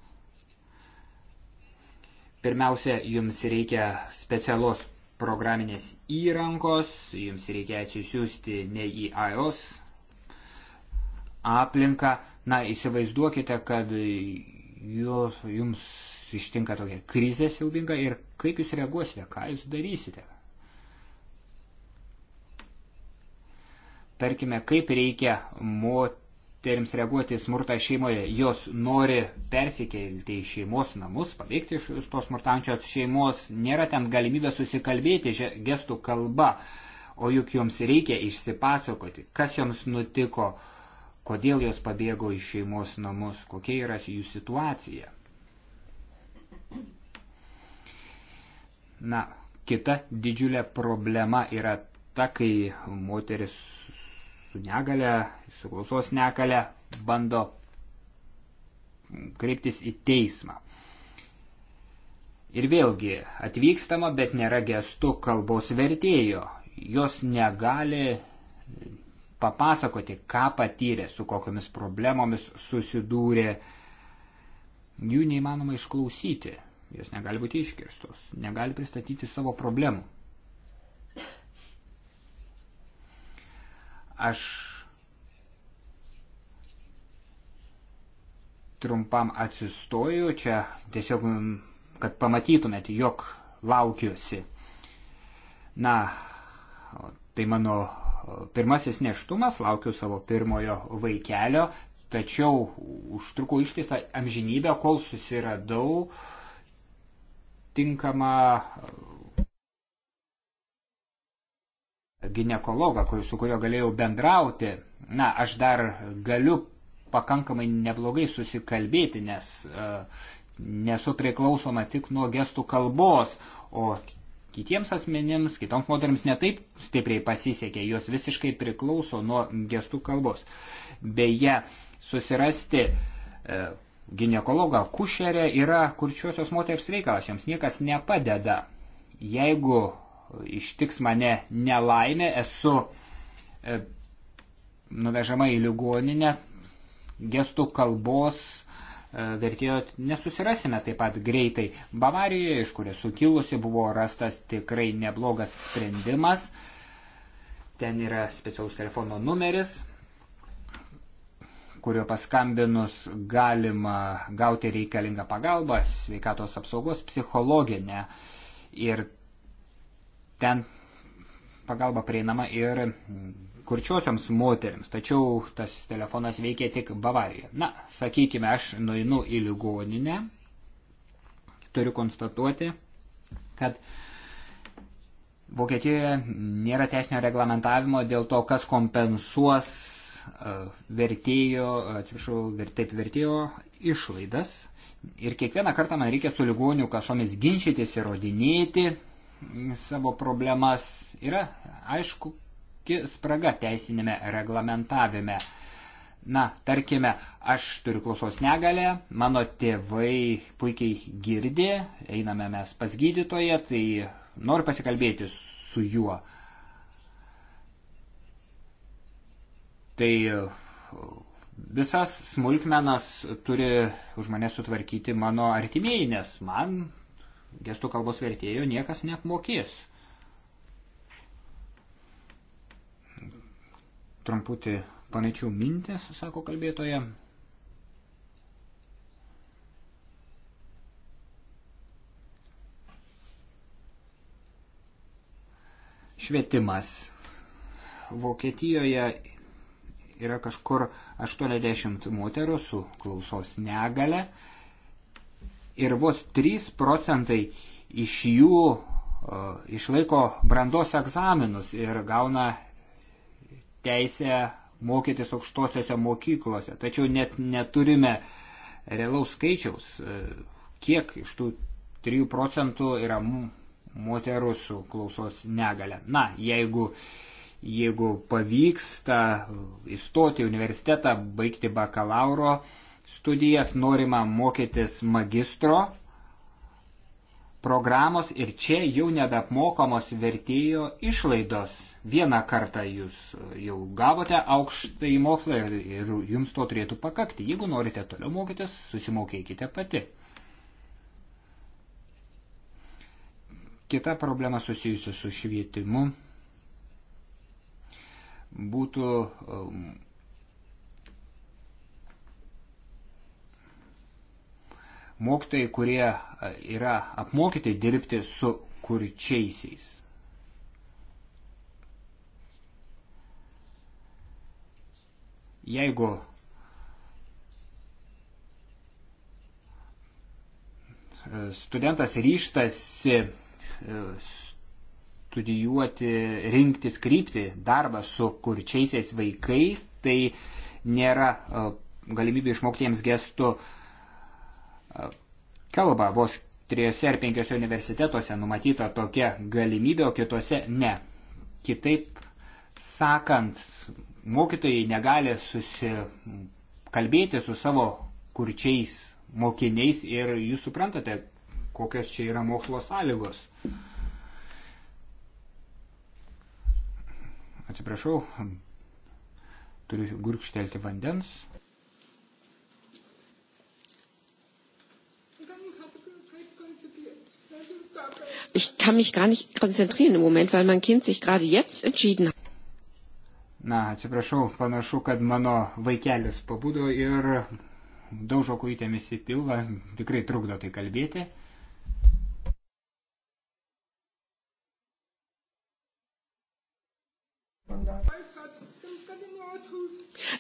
C: Pirmiausia, jums reikia specialos programinės įrankos, jums reikia atsisiųsti ne į iOS aplinką. Na, įsivaizduokite, kad jums ištinka tokia krizė siaubinga ir kaip jūs reaguosite, ką jūs darysite. Tarkime, kaip reikia moti moterims reaguoti į smurtą šeimoje. Jos nori persikelti į šeimos namus, paveikti iš tos smurtančios šeimos, nėra ten galimybė susikalbėti gestų kalba, o juk joms reikia išsipasakoti, kas joms nutiko, kodėl jos pabėgo iš šeimos namus, kokia yra jų situacija. Na, kita didžiulė problema yra ta, kai moteris su negale, su klausos negale bando kreiptis į teismą. Ir vėlgi atvykstama, bet nėra gestų kalbos vertėjo. Jos negali papasakoti, ką patyrė, su kokiamis problemomis susidūrė. Jų neįmanoma išklausyti. Jos negali būti iškirstos, negali pristatyti savo problemų. Aš trumpam atsistoju čia tiesiog, kad pamatytumėt, jog laukiuosi. Na, tai mano pirmasis neštumas, laukiu savo pirmojo vaikelio, tačiau užtruko ištisą amžinybę, kol susiradau tinkamą gynekologą, su kuriuo galėjau bendrauti. Na, aš dar galiu pakankamai neblogai susikalbėti, nes uh, nesu priklausoma tik nuo gestų kalbos, o kitiems asmenims, kitoms moteriams netaip stipriai pasisekė, jos visiškai priklauso nuo gestų kalbos. Beje, susirasti uh, e, gynekologą kušerę yra kurčiosios moters reikalas, joms niekas nepadeda. Jeigu ištiks mane nelaimė, esu e, nuvežama į ligoninę, gestų kalbos e, vertėjo nesusirasime taip pat greitai. Bavarijoje, iš kur esu kilusi, buvo rastas tikrai neblogas sprendimas. Ten yra specialus telefono numeris, kurio paskambinus galima gauti reikalingą pagalbą, sveikatos apsaugos psichologinę. Ir ten pagalba prieinama ir kurčiosioms moteriams, tačiau tas telefonas veikia tik Bavarijoje. Na, sakykime, aš nueinu į ligoninę, turiu konstatuoti, kad Vokietijoje nėra teisinio reglamentavimo dėl to, kas kompensuos e, vertėjo, atsiprašau, taip vertėjo išlaidas. Ir kiekvieną kartą man reikia su ligonių kasomis ginčytis, įrodinėti, savo problemas. Yra, aišku, spraga teisinėme reglamentavime. Na, tarkime, aš turiu klausos negalę, mano tėvai puikiai girdi, einame mes pas gydytoje, tai noriu pasikalbėti su juo. Tai visas smulkmenas turi už mane sutvarkyti mano artimieji, nes man gestų kalbos vertėjų niekas neapmokės. Trumputį pamečiau mintis, sako kalbėtoja. Švietimas. Vokietijoje yra kažkur 80 moterų su klausos negale ir vos 3 procentai iš jų e, išlaiko brandos egzaminus ir gauna teisę mokytis aukštosiose mokyklose. Tačiau net neturime realaus skaičiaus, e, kiek iš tų 3 procentų yra moterų su klausos negale. Na, jeigu, jeigu pavyksta įstoti į universitetą, baigti bakalauro, uh, studijas, norima mokytis magistro programos ir čia jau nebeapmokamos vertėjo išlaidos. Vieną kartą jūs jau gavote aukštą į mokslą ir, ir jums to turėtų pakakti. Jeigu norite toliau mokytis, susimokėkite pati. Kita problema susijusi su švietimu būtų um, mokytojai, kurie e, yra apmokyti dirbti su kurčiaisiais. Jeigu studentas ryštasi e, studijuoti, rinktis krypti darbą su kurčiaisiais vaikais, tai nėra e, galimybė išmokti jiems gestų uh, kalbą. Vos trijose ar penkiose universitetuose numatyta tokia galimybė, o kitose ne. Kitaip sakant, mokytojai negali susikalbėti su savo kurčiais mokiniais ir jūs suprantate, kokios čia yra mokslo sąlygos. Atsiprašau, turiu gurkštelti vandens.
E: ich kann mich gar nicht konzentrieren im Moment, weil mein Kind sich gerade jetzt entschieden hat.
C: Na, atsiprašau, panašu, kad mano vaikelis pabudo ir daužo kujutėmis į pilvą, tikrai trukdo tai kalbėti.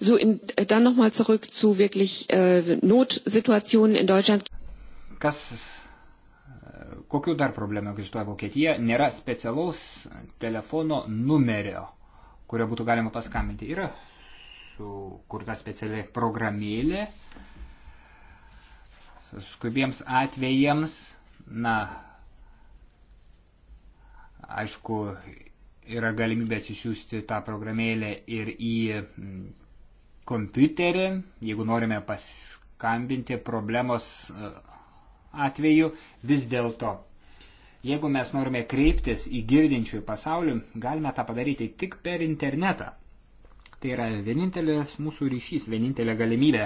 E: So, in, dann nochmal zurück zu wirklich äh, Notsituationen in Deutschland. Kas
C: Kokių dar problemų egzistuoja Vokietija? Nėra specialaus telefono numerio, kurio būtų galima paskambinti. Yra sukurta speciali programėlė skubiems atvejams. Na, aišku, yra galimybė atsisiųsti tą programėlę ir į kompiuterį, jeigu norime paskambinti problemos atveju vis dėlto. Jeigu mes norime kreiptis į girdinčiųjų pasaulį, galime tą padaryti tik per internetą. Tai yra vienintelis mūsų ryšys, vienintelė galimybė.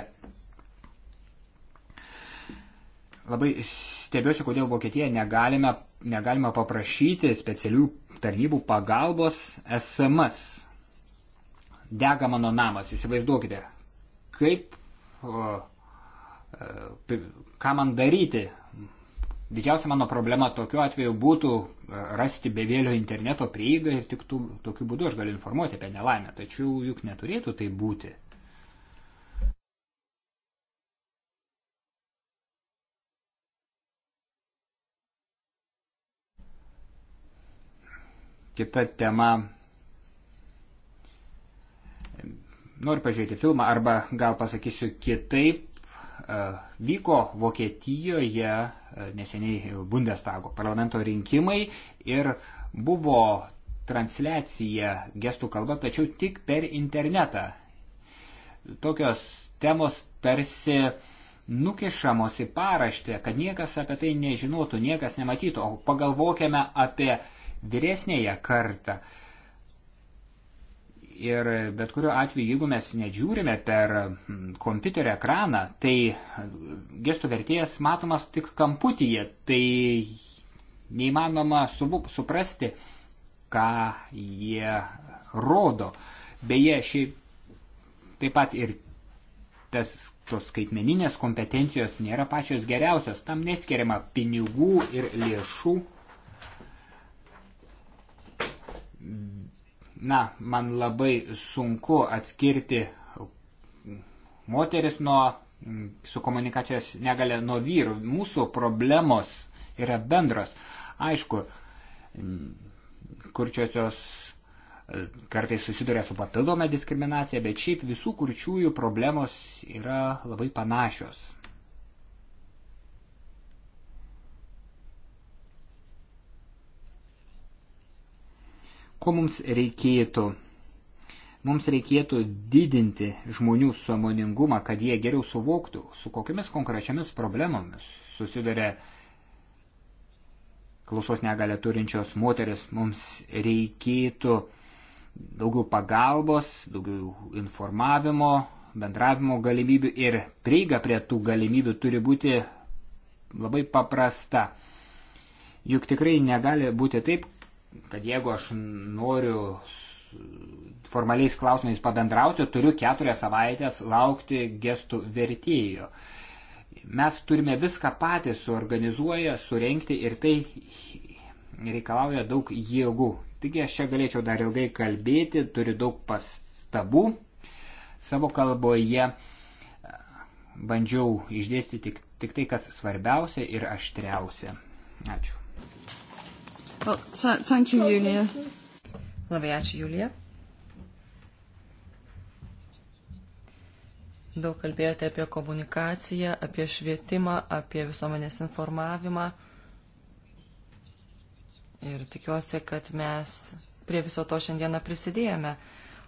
C: Labai stebiuosi, kodėl Vokietija negalime, negalime paprašyti specialių tarnybų pagalbos SMS. Dega mano namas, įsivaizduokite, kaip o, ką man daryti. Didžiausia mano problema tokiu atveju būtų e, rasti bevėlio interneto prieigą ir tik tų, tokiu būdu aš galiu informuoti apie nelaimę, tačiau juk neturėtų tai būti. Kita tema noriu pažiūrėti filmą, arba gal pasakysiu kitaip, E, vyko Vokietijoje e, neseniai Bundestago parlamento rinkimai ir buvo transliacija gestų kalba, tačiau tik per internetą. Tokios temos tarsi nukišamos į paraštę, kad niekas apie tai nežinotų, niekas nematytų, o pagalvokime apie vyresnėje kartą. Ir bet kuriuo atveju, jeigu mes nedžiūrime per hm, kompiuterio ekraną, tai hm, gestų vertėjas matomas tik kamputyje, tai neįmanoma suprasti, ką jie rodo. Beje, šiaip taip pat ir tas, tos skaitmeninės kompetencijos nėra pačios geriausios, tam neskiriama pinigų ir lėšų na, man labai sunku atskirti moteris nuo su komunikacijos negalė nuo vyrų. Mūsų problemos yra bendros. Aišku, kurčiosios kartais susiduria su papildoma diskriminacija, bet šiaip visų kurčiųjų problemos yra labai panašios. Ko mums reikėtų? Mums reikėtų didinti žmonių samoningumą, kad jie geriau suvoktų, su kokiamis konkrečiamis problemomis susiduria klausos negalę turinčios moteris. Mums reikėtų daugiau pagalbos, daugiau informavimo, bendravimo galimybių ir prieiga prie tų galimybių turi būti labai paprasta. Juk tikrai negali būti taip, kad jeigu aš noriu formaliais klausimais pabendrauti, turiu keturias savaitės laukti gestų vertėjo. Mes turime viską patys suorganizuoja, surenkti ir tai reikalauja daug jėgų. Taigi aš čia galėčiau dar ilgai kalbėti, turiu daug pastabų savo kalboje. E, bandžiau išdėstyti tik, tik tai, kas svarbiausia ir aštriausia. Ačiū.
D: Well, thank you, Julia. Labai ačiū, Julija. Daug kalbėjote apie komunikaciją, apie švietimą, apie visuomenės informavimą. Ir tikiuosi, kad mes prie viso to šiandieną prisidėjome.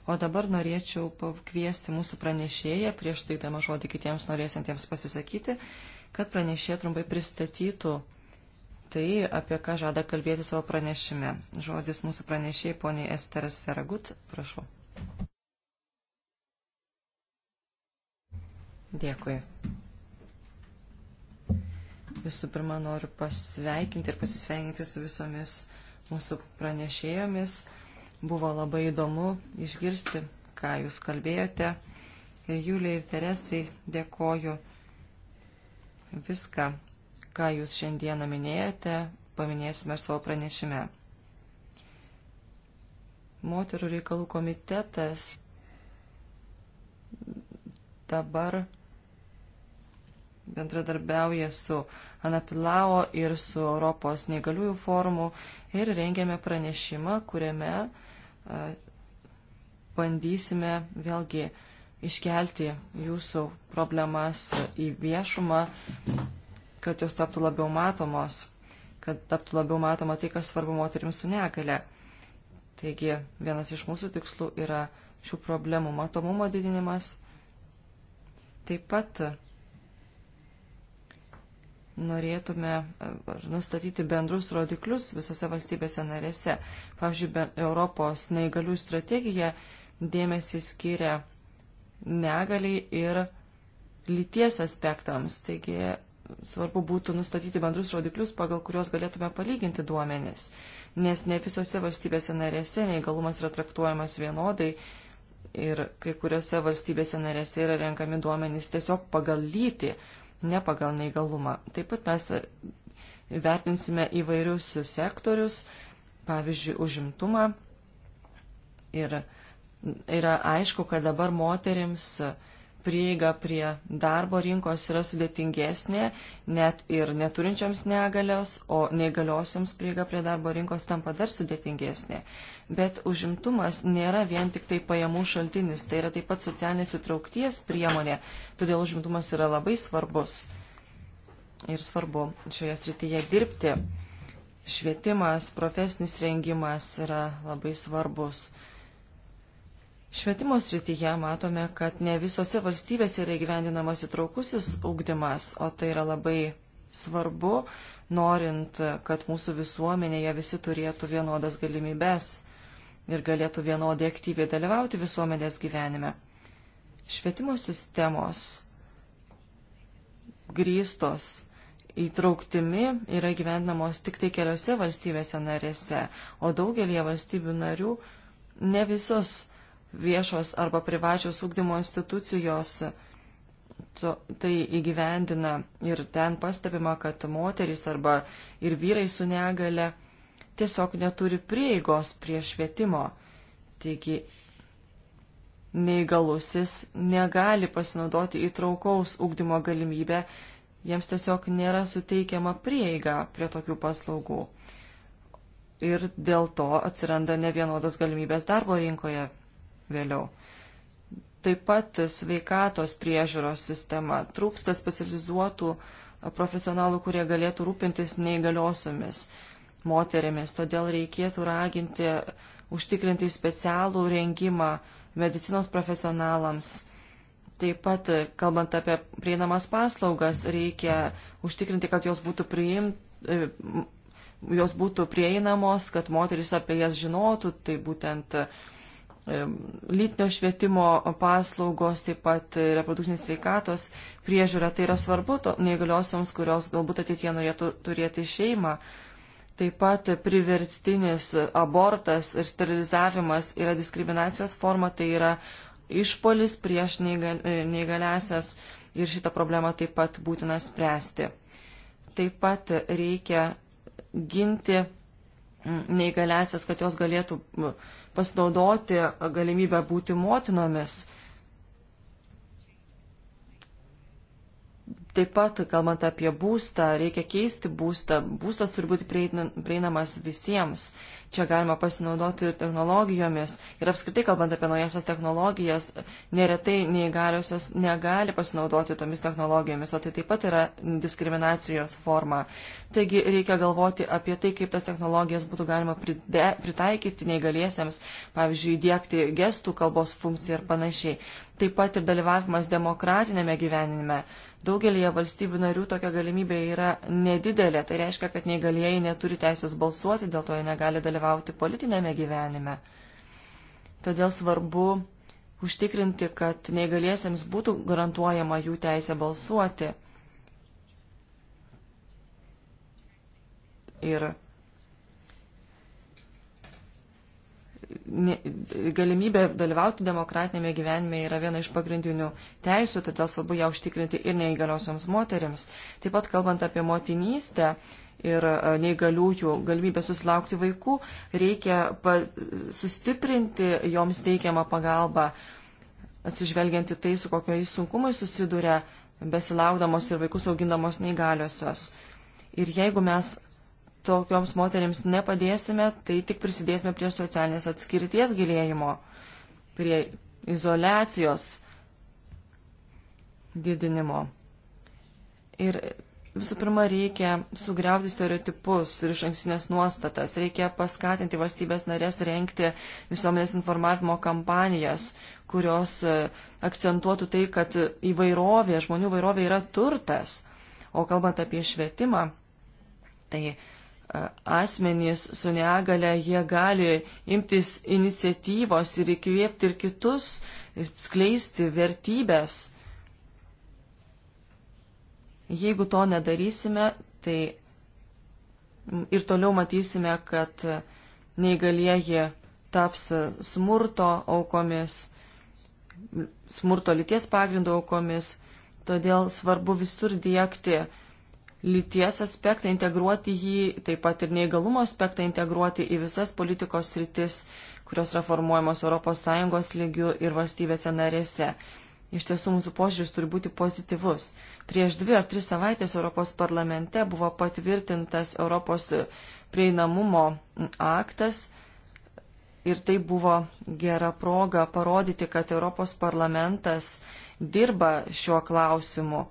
D: O dabar norėčiau pakviesti mūsų pranešėją, prieš tai dama žodį kitiems norėsintiems pasisakyti, kad pranešė trumpai pristatytų tai, apie ką žada kalbėti savo pranešime. Žodis mūsų pranešėjai poniai Esteras Feragut, prašau. Dėkui. Visų pirma, noriu pasveikinti ir pasisveikinti su visomis mūsų pranešėjomis. Buvo labai įdomu išgirsti, ką jūs kalbėjote. Ir Juliai ir Teresai dėkoju viską ką jūs šiandieną minėjote, paminėsime savo pranešime. Moterų reikalų komitetas dabar bendradarbiauja su Anapilao ir su Europos neįgaliųjų forumu ir rengiame pranešimą, kuriame bandysime vėlgi iškelti jūsų problemas į viešumą kad jos taptų labiau matomos, kad taptų labiau matoma tai, kas svarbu moterims su negale. Taigi vienas iš mūsų tikslų yra šių problemų matomumo didinimas. Taip pat norėtume nustatyti bendrus rodiklius visose valstybėse narėse. Pavyzdžiui, Europos neįgalių strategija dėmesį skiria negaliai ir lyties aspektams. Taigi svarbu būtų nustatyti bendrus rodiklius, pagal kuriuos galėtume palyginti duomenis, nes ne visose valstybėse narėse neįgalumas yra traktuojamas vienodai ir kai kuriuose valstybėse narėse yra renkami duomenys tiesiog pagal lytį, ne pagal neįgalumą. Taip pat mes vertinsime įvairius sektorius, pavyzdžiui, užimtumą ir yra aišku, kad dabar moterims uh, prieiga prie darbo rinkos yra sudėtingesnė, net ir neturinčioms negalios, o neįgaliosioms prieiga prie darbo rinkos tampa dar sudėtingesnė. Bet užimtumas nėra vien tik tai pajamų šaltinis, tai yra taip pat socialinės įtraukties priemonė, todėl užimtumas yra labai svarbus ir svarbu šioje srityje dirbti. Švietimas, profesinis rengimas yra labai svarbus Švietimo srityje matome, kad ne visose valstybėse yra įgyvendinamas įtraukusis ūkdymas, o tai yra labai svarbu, norint, kad mūsų visuomenėje visi turėtų vienodas galimybes ir galėtų vienodai aktyviai dalyvauti visuomenės gyvenime. Švietimo sistemos grįstos įtrauktimi yra gyvendamos tik tai keliose valstybėse narėse, o daugelie valstybių narių ne visos viešos arba privačios ūkdymo institucijos to, tai įgyvendina ir ten pastebima, kad moterys arba ir vyrai su negale tiesiog neturi prieigos prie švietimo. Taigi neįgalusis negali pasinaudoti įtraukaus ūkdymo galimybę, jiems tiesiog nėra suteikiama prieiga prie tokių paslaugų. Ir dėl to atsiranda nevienodas galimybės darbo rinkoje vėliau. Taip pat sveikatos priežiūros sistema. Trūksta specializuotų profesionalų, kurie galėtų rūpintis neįgaliosiomis moterėmis. Todėl reikėtų raginti užtikrinti specialų rengimą medicinos profesionalams. Taip pat, kalbant apie prieinamas paslaugas, reikia užtikrinti, kad jos būtų, priim, e, jos būtų prieinamos, kad moteris apie jas žinotų, tai būtent uh, lytinio švietimo paslaugos, taip pat reprodukcinės sveikatos priežiūra. Tai yra svarbu to, neįgaliosioms, kurios galbūt ateitie norėtų turėti šeimą. Taip pat priverstinis abortas ir sterilizavimas yra diskriminacijos forma, tai yra išpolis prieš neįgaliasias ir šitą problemą taip pat būtina spręsti. Taip pat reikia ginti neįgaliasias, kad jos galėtų uh, pasinaudoti galimybę būti motinomis Taip pat, kalbant apie būstą, reikia keisti būstą. Būstas turi būti prieinamas visiems. Čia galima pasinaudoti ir technologijomis. Ir apskritai, kalbant apie naujasias technologijas, neretai neįgaliosios negali pasinaudoti tomis technologijomis, o tai taip pat yra diskriminacijos forma. Taigi reikia galvoti apie tai, kaip tas technologijas būtų galima pride, pritaikyti neįgaliesiems, pavyzdžiui, įdėkti gestų kalbos funkciją ir panašiai. Taip pat ir dalyvavimas demokratinėme gyvenime Daugelie valstybių narių tokia galimybė yra nedidelė, tai reiškia, kad neįgalieji neturi teisės balsuoti, dėl to jie negali dalyvauti politinėme gyvenime. Todėl svarbu užtikrinti, kad neįgaliesiems būtų garantuojama jų teisė balsuoti. Ir galimybė dalyvauti demokratinėme gyvenime yra viena iš pagrindinių teisų, todėl svarbu ją užtikrinti ir neįgaliosioms moteriams. Taip pat kalbant apie motinystę ir e, neįgaliųjų galimybę susilaukti vaikų, reikia sustiprinti joms teikiamą pagalbą, atsižvelgianti tai, su kokiais sunkumais susiduria besilaukdamos ir vaikus augindamos neįgaliosios. Ir jeigu mes tokioms moteriams nepadėsime, tai tik prisidėsime prie socialinės atskirties gilėjimo, prie izolacijos didinimo. Ir visų pirma, reikia sugriauti stereotipus ir iš anksinės nuostatas, reikia paskatinti valstybės narės renkti visuomenės informavimo kampanijas, kurios e, akcentuotų tai, kad įvairovė, žmonių įvairovė yra turtas. O kalbant apie švietimą, tai asmenys su negale, jie gali imtis iniciatyvos ir įkvėpti ir kitus, ir skleisti vertybės. Jeigu to nedarysime, tai ir toliau matysime, kad neįgalieji taps smurto aukomis, smurto lyties pagrindo aukomis, todėl svarbu visur dėkti lyties aspektą, integruoti jį, taip pat ir neįgalumo aspektą integruoti į visas politikos sritis, kurios yra formuojamos ES lygių ir valstybėse narėse. Iš tiesų mūsų požiūris turi būti pozityvus. Prieš dvi ar tris savaitės Europos parlamente buvo patvirtintas Europos prieinamumo aktas ir tai buvo gera proga parodyti, kad Europos parlamentas dirba šiuo klausimu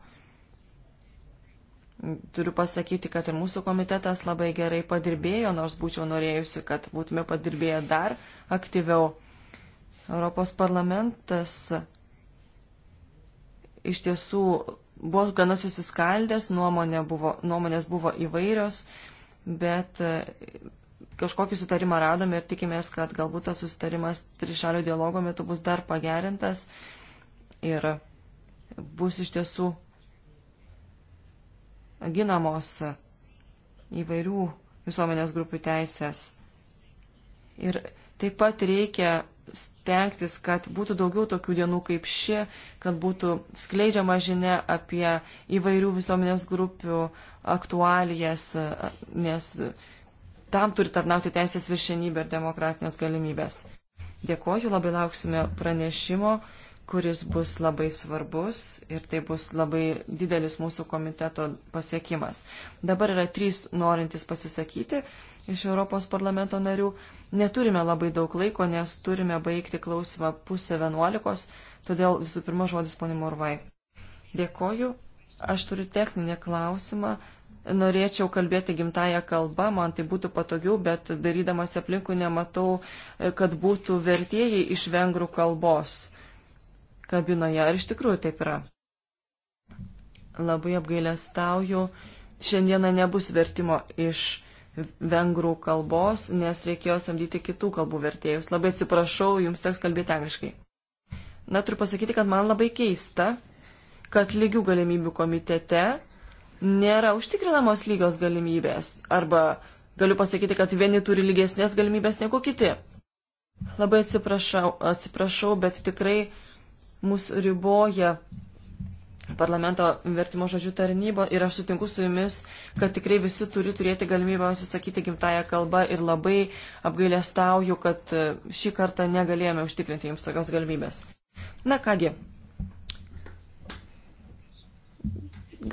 D: turiu pasakyti, kad ir mūsų komitetas labai gerai padirbėjo, nors būčiau norėjusi, kad būtume padirbėję dar aktyviau. Europos parlamentas iš tiesų buvo gana susiskaldęs, nuomonė buvo, nuomonės buvo įvairios, bet e, kažkokį sutarimą radome ir tikimės, kad galbūt tas sutarimas trišalio dialogo metu bus dar pagerintas ir bus iš tiesų ginamos įvairių visuomenės grupių teisės. Ir taip pat reikia stengtis, kad būtų daugiau tokių dienų kaip ši, kad būtų skleidžiama žinia apie įvairių visuomenės grupių aktualijas, nes tam turi tarnauti teisės viršenybė ir demokratinės galimybės. Dėkoju, labai lauksime pranešimo kuris bus labai svarbus ir tai bus labai didelis mūsų komiteto pasiekimas. Dabar yra trys norintys pasisakyti iš Europos parlamento narių. Neturime labai daug laiko, nes turime baigti klausimą pusę vienuolikos, todėl visų pirma žodis poni Morvai. Dėkoju. Aš turiu techninį klausimą. Norėčiau kalbėti gimtają kalbą, man tai būtų patogiau, bet darydamas aplinkų nematau, kad būtų vertėjai iš vengrų kalbos kabinoje. Ar iš tikrųjų taip yra? Labai apgailestauju. Šiandieną nebus vertimo iš vengrų kalbos, nes reikėjo samdyti kitų kalbų vertėjus. Labai atsiprašau, jums teks kalbėti angliškai. Na, turiu pasakyti, kad man labai keista, kad lygių galimybių komitete nėra užtikrinamos lygios galimybės. Arba galiu pasakyti, kad vieni turi lygesnės galimybės negu kiti. Labai atsiprašau, atsiprašau bet tikrai mus riboja parlamento vertimo žodžių tarnyba ir aš sutinku su jumis, kad tikrai visi turi turėti galimybę pasisakyti gimtają kalbą ir labai apgailestauju, kad e, šį kartą negalėjome užtikrinti jums tokios galimybės. Na kągi,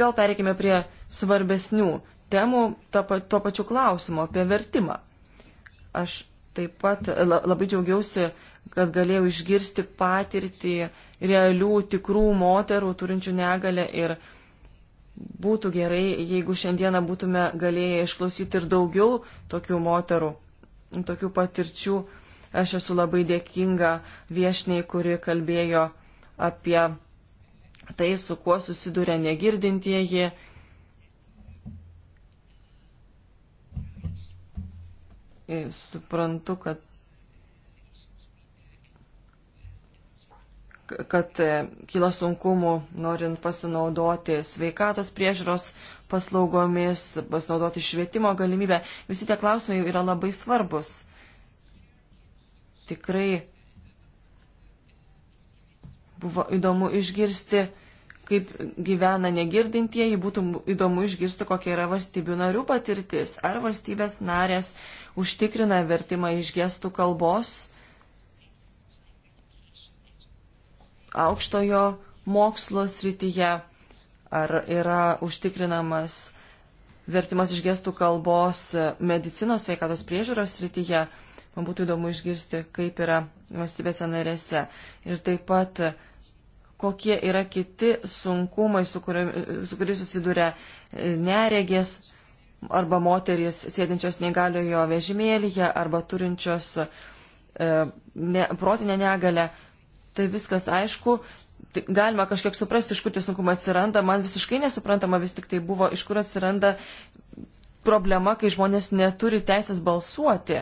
D: gal pereikime prie svarbesnių temų to, to pačiu klausimu apie vertimą. Aš taip pat labai džiaugiausi, kad galėjau išgirsti patirtį realių, tikrų moterų turinčių negalę ir būtų gerai, jeigu šiandieną būtume galėję išklausyti ir daugiau tokių moterų, tokių patirčių. Aš esu labai dėkinga viešniai, kuri kalbėjo apie tai, su kuo susiduria negirdintieji. suprantu, kad kad e, kyla sunkumų norint pasinaudoti sveikatos priežiūros paslaugomis, pasinaudoti švietimo galimybę. Visi tie klausimai yra labai svarbus. Tikrai buvo įdomu išgirsti, kaip gyvena negirdintieji, būtų įdomu išgirsti, kokia yra valstybių narių patirtis. Ar valstybės narės užtikrina vertimą iš gestų kalbos aukštojo mokslo srityje, ar yra užtikrinamas vertimas iš gestų kalbos e, medicinos sveikatos priežiūros srityje. Man būtų įdomu išgirsti, kaip yra valstybėse narėse. Ir taip pat, e, kokie yra kiti sunkumai, su, kuriu, su kuriais susiduria e, neregės arba moteris sėdinčios negaliojo vežimėlyje arba turinčios e, ne, protinę negalę tai viskas aišku, galima kažkiek suprasti, iš kur tie sunkumai atsiranda. Man visiškai nesuprantama vis tik tai buvo, iš kur atsiranda problema, kai žmonės neturi teisės balsuoti.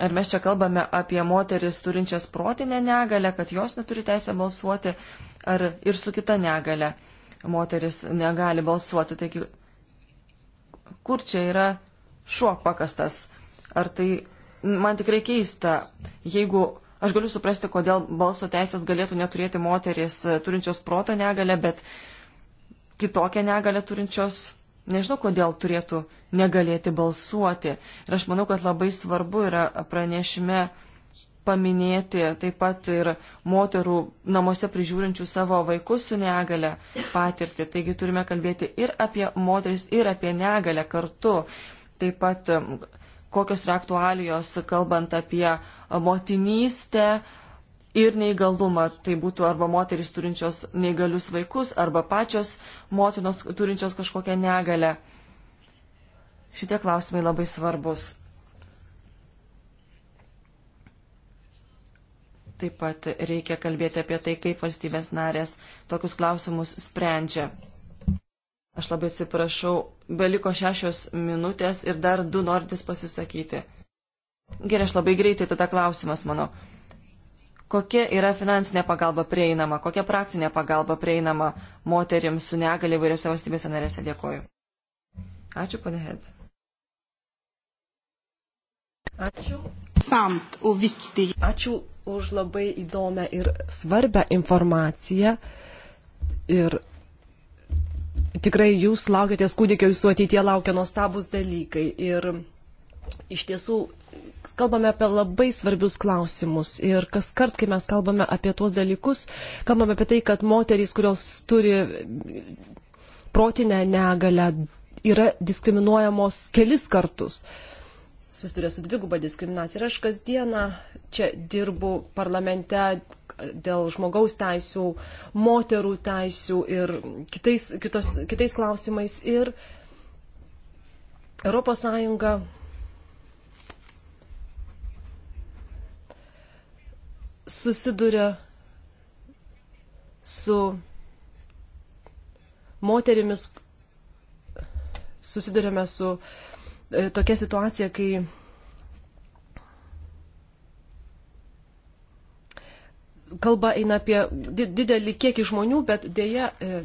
D: Ar mes čia kalbame apie moteris turinčias protinę negalę, kad jos neturi teisę balsuoti, ar ir su kita negale moteris negali balsuoti. Taigi, kur čia yra šuo pakastas? Ar tai man tikrai keista, jeigu Aš galiu suprasti, kodėl balso teisės galėtų neturėti moteris e, turinčios proto negalę, bet kitokią negalę turinčios, nežinau, kodėl turėtų negalėti balsuoti. Ir aš manau, kad labai svarbu yra pranešime paminėti taip pat ir moterų namuose prižiūrinčių savo vaikus su negale patirtį. Taigi turime kalbėti ir apie moteris, ir apie negalę kartu. Taip pat kokios yra aktualijos, kalbant apie motinystę ir neįgalumą. Tai būtų arba moteris turinčios neįgalius vaikus, arba pačios motinos turinčios kažkokią negalę. Šitie klausimai labai svarbus. Taip pat reikia kalbėti apie tai, kaip valstybės narės tokius klausimus sprendžia. Aš labai atsiprašau, beliko šešios minutės ir dar du norintys pasisakyti. Gerai, aš labai greitai tada klausimas mano. Kokia yra finansinė pagalba prieinama, kokia praktinė pagalba prieinama moterims su negali įvairiose valstybėse narėse? Dėkoju. Ačiū, pane Het. Ačiū. Samt, uvikti. Ačiū už labai
A: įdomią ir svarbę informaciją. Ir tikrai jūs laukiatės kūdikio, jūsų ateitie laukia nuostabus dalykai. Ir iš tiesų kalbame apie labai svarbius klausimus. Ir kas kart, kai mes kalbame apie tuos dalykus, kalbame apie tai, kad moterys, kurios turi protinę negalę, yra diskriminuojamos kelis kartus. Susiduria su dviguba diskriminacija. Ir aš kasdieną čia dirbu parlamente, dėl žmogaus teisų, moterų teisų ir kitais, kitos, kitais klausimais. Ir ES susiduria su moterimis, susidurėme su e, tokia situacija, kai kalba eina apie didelį kiekį žmonių, bet dėja e,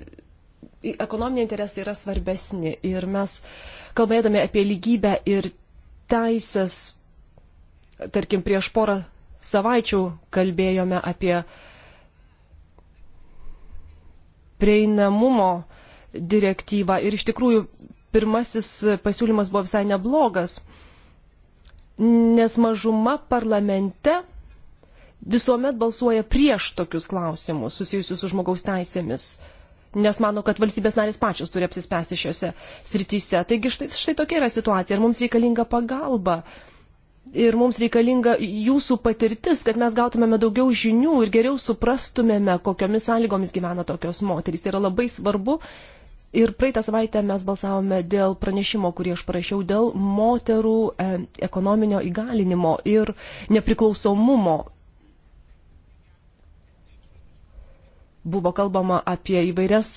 A: ekonominiai interesai yra svarbesni. Ir mes, kalbėdami apie lygybę ir teisės, tarkim, prieš porą savaičių kalbėjome apie prieinamumo direktyvą ir iš tikrųjų pirmasis pasiūlymas buvo visai neblogas, nes mažuma parlamente visuomet balsuoja prieš tokius klausimus susijusius su žmogaus teisėmis, nes mano, kad valstybės narės pačios turi apsispręsti šiuose srityse. Taigi štai, štai tokia yra situacija ir mums reikalinga pagalba. Ir mums reikalinga jūsų patirtis, kad mes gautumėme daugiau žinių ir geriau suprastumėme, kokiomis sąlygomis gyvena tokios moterys. Tai yra labai svarbu. Ir praeitą savaitę mes balsavome dėl pranešimo, kurį aš parašiau, dėl moterų e, ekonominio įgalinimo ir nepriklausomumo buvo kalbama apie įvairias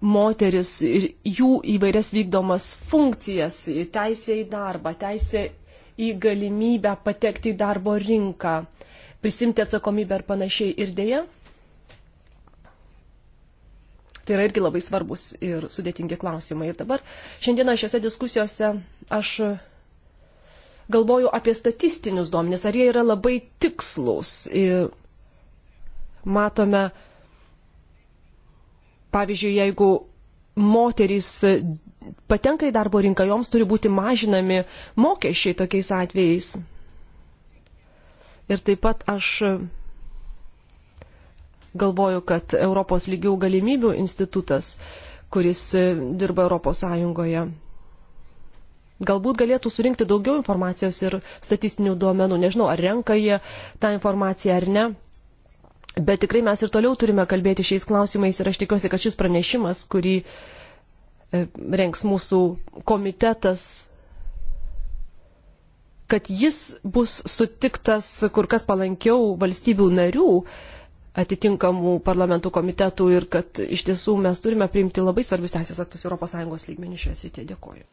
A: moteris ir jų įvairias vykdomas funkcijas - teisė į darbą, teisė į galimybę patekti į darbo rinką, prisimti atsakomybę ir panašiai. Ir dėja, tai yra irgi labai svarbus ir sudėtingi klausimai. Ir dabar šiandieną šiuose diskusijose aš galvoju apie statistinius duomenis, ar jie yra labai tikslus. Ir matome, Pavyzdžiui, jeigu moterys patenka į darbo rinką, joms turi būti mažinami mokesčiai tokiais atvejais. Ir taip pat aš galvoju, kad Europos lygių galimybių institutas, kuris dirba Europos Sąjungoje, galbūt galėtų surinkti daugiau informacijos ir statistinių duomenų. Nežinau, ar renka jie tą informaciją ar ne. Bet tikrai mes ir toliau turime kalbėti šiais klausimais ir aš tikiuosi, kad šis pranešimas, kurį e, renks mūsų komitetas, kad jis bus sutiktas kur kas palankiau valstybių narių atitinkamų parlamentų komitetų ir kad iš tiesų mes turime priimti labai svarbius teisės aktus ES lygmenį šioje srityje. Dėkuoju.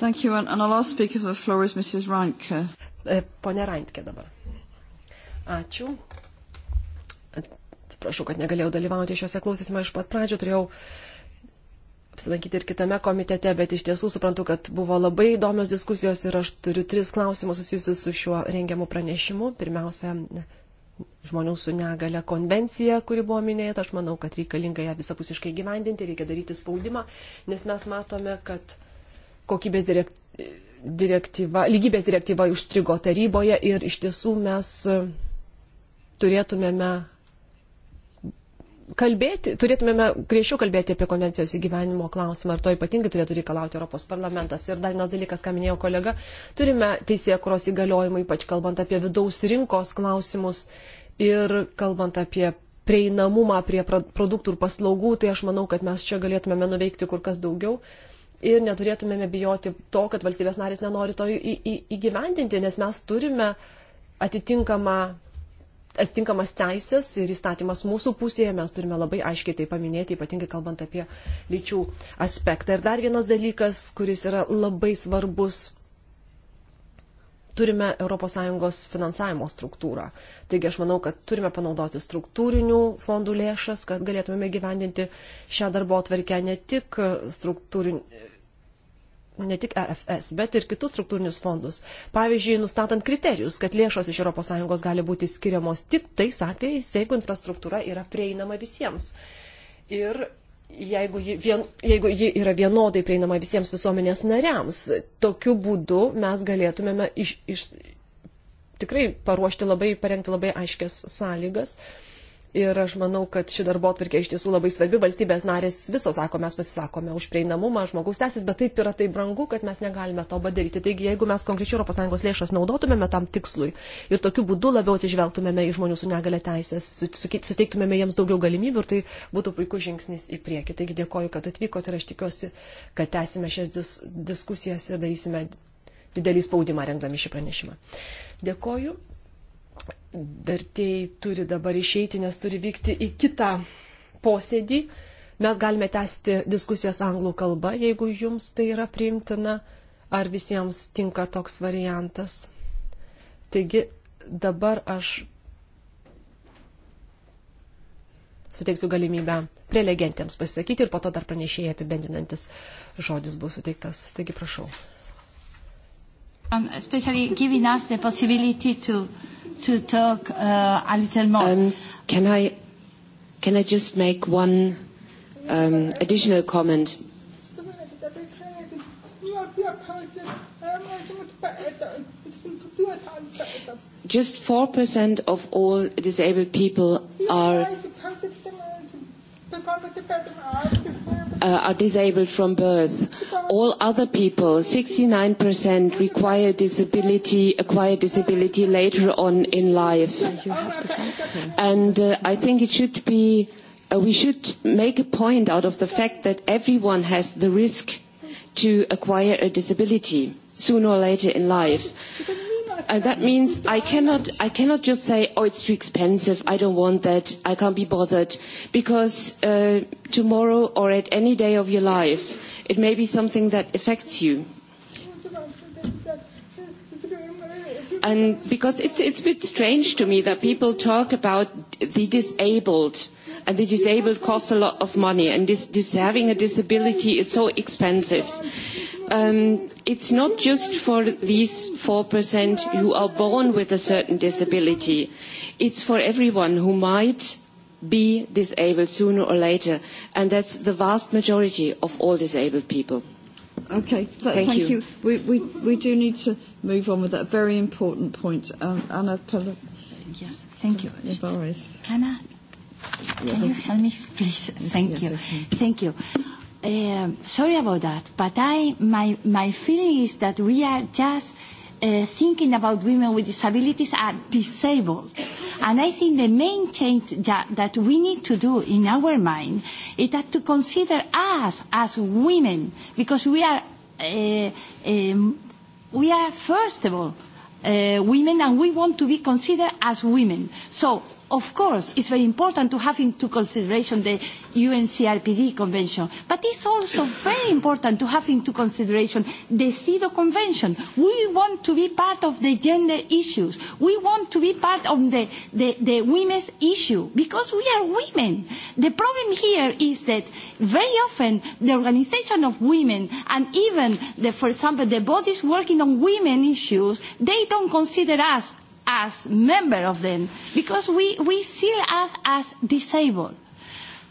D: Thank you, and, and our last speaker
A: for the floor is Mrs. Reinke. E, Pone Reintke dabar. Ačiū. Atsiprašau, kad negalėjau dalyvauti šiuose klausimuose iš pat pradžio, turėjau apsilankyti ir kitame komitete, bet iš tiesų suprantu, kad buvo labai įdomios diskusijos ir aš turiu tris klausimus susijusius su šiuo rengiamu pranešimu. Pirmiausia, žmonių su negale konvencija, kuri buvo minėta, aš manau, kad reikalinga ją visapusiškai gyvendinti, reikia daryti spaudimą, nes mes matome, kad kokybės direkt... direktyva, lygybės direktyva užstrigo taryboje ir iš tiesų mes turėtumėme kalbėti, turėtumėme griežčiau kalbėti apie konvencijos įgyvenimo klausimą ir to ypatingai turėtų reikalauti Europos parlamentas. Ir dar vienas dalykas, ką minėjo kolega, turime teisėje kuros įgaliojimą, ypač kalbant apie vidaus rinkos klausimus ir kalbant apie prieinamumą prie produktų ir paslaugų, tai aš manau, kad mes čia galėtumėme nuveikti kur kas daugiau. Ir neturėtumėme bijoti to, kad valstybės narės nenori to įgyvendinti, nes mes turime atitinkamą atitinkamas teisės ir įstatymas mūsų pusėje, mes turime labai aiškiai tai paminėti, ypatingai kalbant apie lyčių aspektą. Ir dar vienas dalykas, kuris yra labai svarbus. Turime ES finansavimo struktūrą. Taigi aš manau, kad turime panaudoti struktūrinių fondų lėšas, kad galėtumėme gyvendinti šią darbo atverkę ne tik struktūrinį ne tik EFS, bet ir kitus struktūrinius fondus. Pavyzdžiui, nustatant kriterijus, kad lėšos iš ES gali būti skiriamos tik tais atvejais, jeigu infrastruktūra yra prieinama visiems. Ir jeigu ji, vien, jeigu ji yra vienodai prieinama visiems visuomenės nariams, tokiu būdu mes galėtumėme iš, iš, tikrai paruošti labai, parengti labai aiškias sąlygas. Uh, Ir aš manau, kad ši darbo atvarkė iš tiesų labai svarbi. Valstybės narės visos sako, mes pasisakome už prieinamumą, žmogaus teisės, bet taip yra tai brangu, kad mes negalime to padaryti. Taigi, jeigu mes konkrečiai ES lėšas naudotumėme tam tikslui ir tokiu būdu labiau atsižvelgtumėme į žmonių su negale teisės, suteiktumėme jiems daugiau galimybių ir tai būtų puikus žingsnis į priekį. Taigi, dėkoju, kad atvykote ir aš tikiuosi, kad tęsime šias dis diskusijas ir darysime didelį spaudimą rengdami šį pranešimą. Dėkoju vertėjai turi dabar išeiti, nes turi vykti į kitą posėdį. Mes galime tęsti diskusijas anglų kalba, jeigu jums tai yra priimtina, ar visiems tinka toks variantas. Taigi dabar aš suteiksiu galimybę prelegentėms pasisakyti ir po to dar pranešėjai apibendinantis žodis bus suteiktas. Taigi prašau.
B: Um, especially giving us the possibility to to talk uh, a little more. Um, can I can I just make one um,
E: additional comment? Just 4% of all disabled people are uh, are disabled from birth. All other people, 69% require disability, acquire disability later on in life. And uh, I think it should be, uh, we should make a point out of the fact that everyone has the risk to acquire a disability sooner or later in life uh, that means I cannot, I cannot just say, oh, it's too expensive, I don't want that, I can't be bothered, because uh, tomorrow or at any day of your life, it may be something that affects you. And because it's, it's a bit strange to me that people talk about the disabled, uh, and the disabled costs a lot of money and this, this having a disability is so expensive um, it's not just for these 4% who are born with a certain disability. It's for everyone who might be disabled sooner or later. And that's the vast majority of all disabled people. Okay, so thank, thank you. you.
D: We, we, we do need to move on with that very important point. Um, Anna Pel- Yes,
B: thank you. Can I Can you help me, please? Thank you. Thank you. Uh, sorry about that, but I, my, my feeling is that we are just uh, thinking about women with disabilities are disabled. And I think the main change that, that we need to do in our mind is that to consider us as women, because we are, uh, um, we are first of all, uh, women and we want to be considered as women. So of course, it's very important to have into consideration the UNCRPD Convention, but it's also very important to have into consideration the CEDAW Convention. We want to be part of the gender issues. We want to be part of the, the, the women's issue because we are women. The problem here is that very often the organization of women and even, the, for example, the bodies working on women issues, they don't consider us as member of them because we, we see us as disabled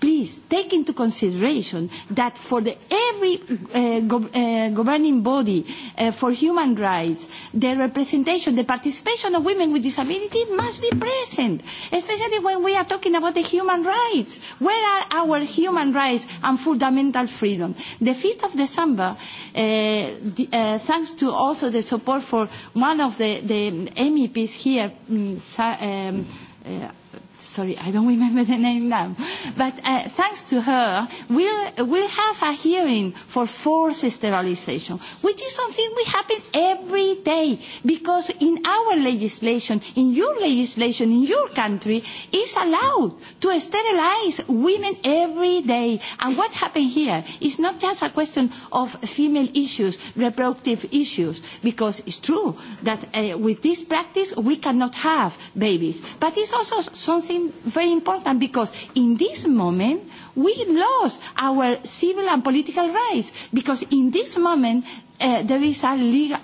B: please take into consideration that for the every uh, go, uh, governing body uh, for human rights, the representation, the participation of women with disabilities must be present, especially when we are talking about the human rights. Where are our human rights and fundamental freedom? The 5th of December, uh, the, uh, thanks to also the support for one of the, the MEPs here, um, um, uh, sorry, I don't remember the name now, but uh, thanks to her, we'll, we'll have a hearing for forced sterilization, which is something we happen every day because in our legislation, in your legislation, in your country, is allowed to sterilize women every day. And what happened here is not just a question of female issues, reproductive issues, because it's true that uh, with this practice we cannot have babies, but it's also something something very important because in this moment we lost our civil and political rights because in this moment uh, there is a legal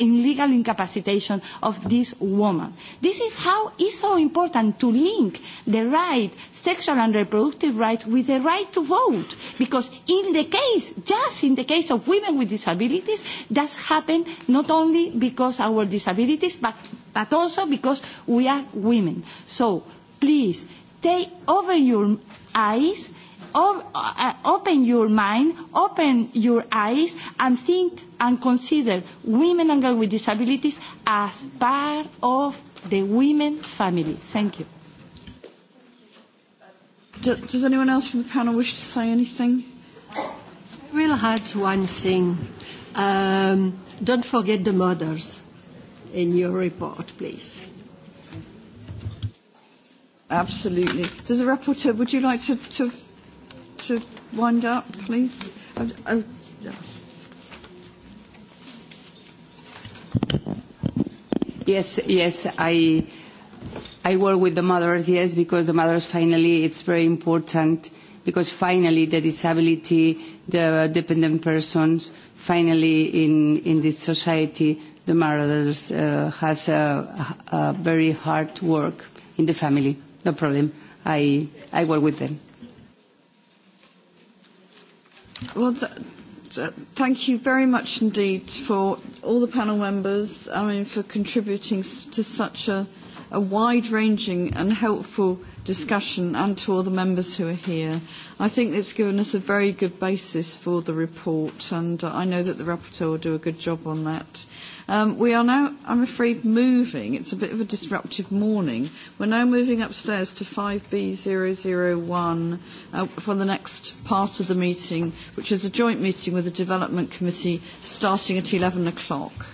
B: in legal incapacitation of this woman. This is how it's so important to link the right, sexual and reproductive rights, with the right to vote. Because in the case, just in the case of women with disabilities, that's happened not only because our disabilities, but, but also because we are women. So please take over your eyes, or, uh, open your mind, open your eyes, and think and consider women and girls with disabilities as part of the women family. Thank you. Do, does anyone else from the panel wish to say anything? I will add one thing. Um, don't forget the mothers in your report, please. Absolutely. Does the rapporteur, would you like to, to, to wind up, please? I, oh, I, oh, yeah. Yes, yes, I, I work with the mothers, yes, because the mothers finally, it's very important because finally the disability, the dependent persons, finally in, in this society, the mothers uh, has a, a very hard work in the family. No problem. I, I work with them. Well, th- th- thank you very much indeed
D: for all the panel members, I mean, for contributing to such a, a wide-ranging and helpful discussion and to all the members who are here. I think it's given us a very good basis for the report, and I know that the rapporteur will do a good job on that. Um, we are now, I'm afraid, moving. It's a bit of a disruptive morning. We're now moving upstairs to 5B001 uh, for the next part of the meeting, which is a joint meeting with the Development Committee starting at 11 o'clock.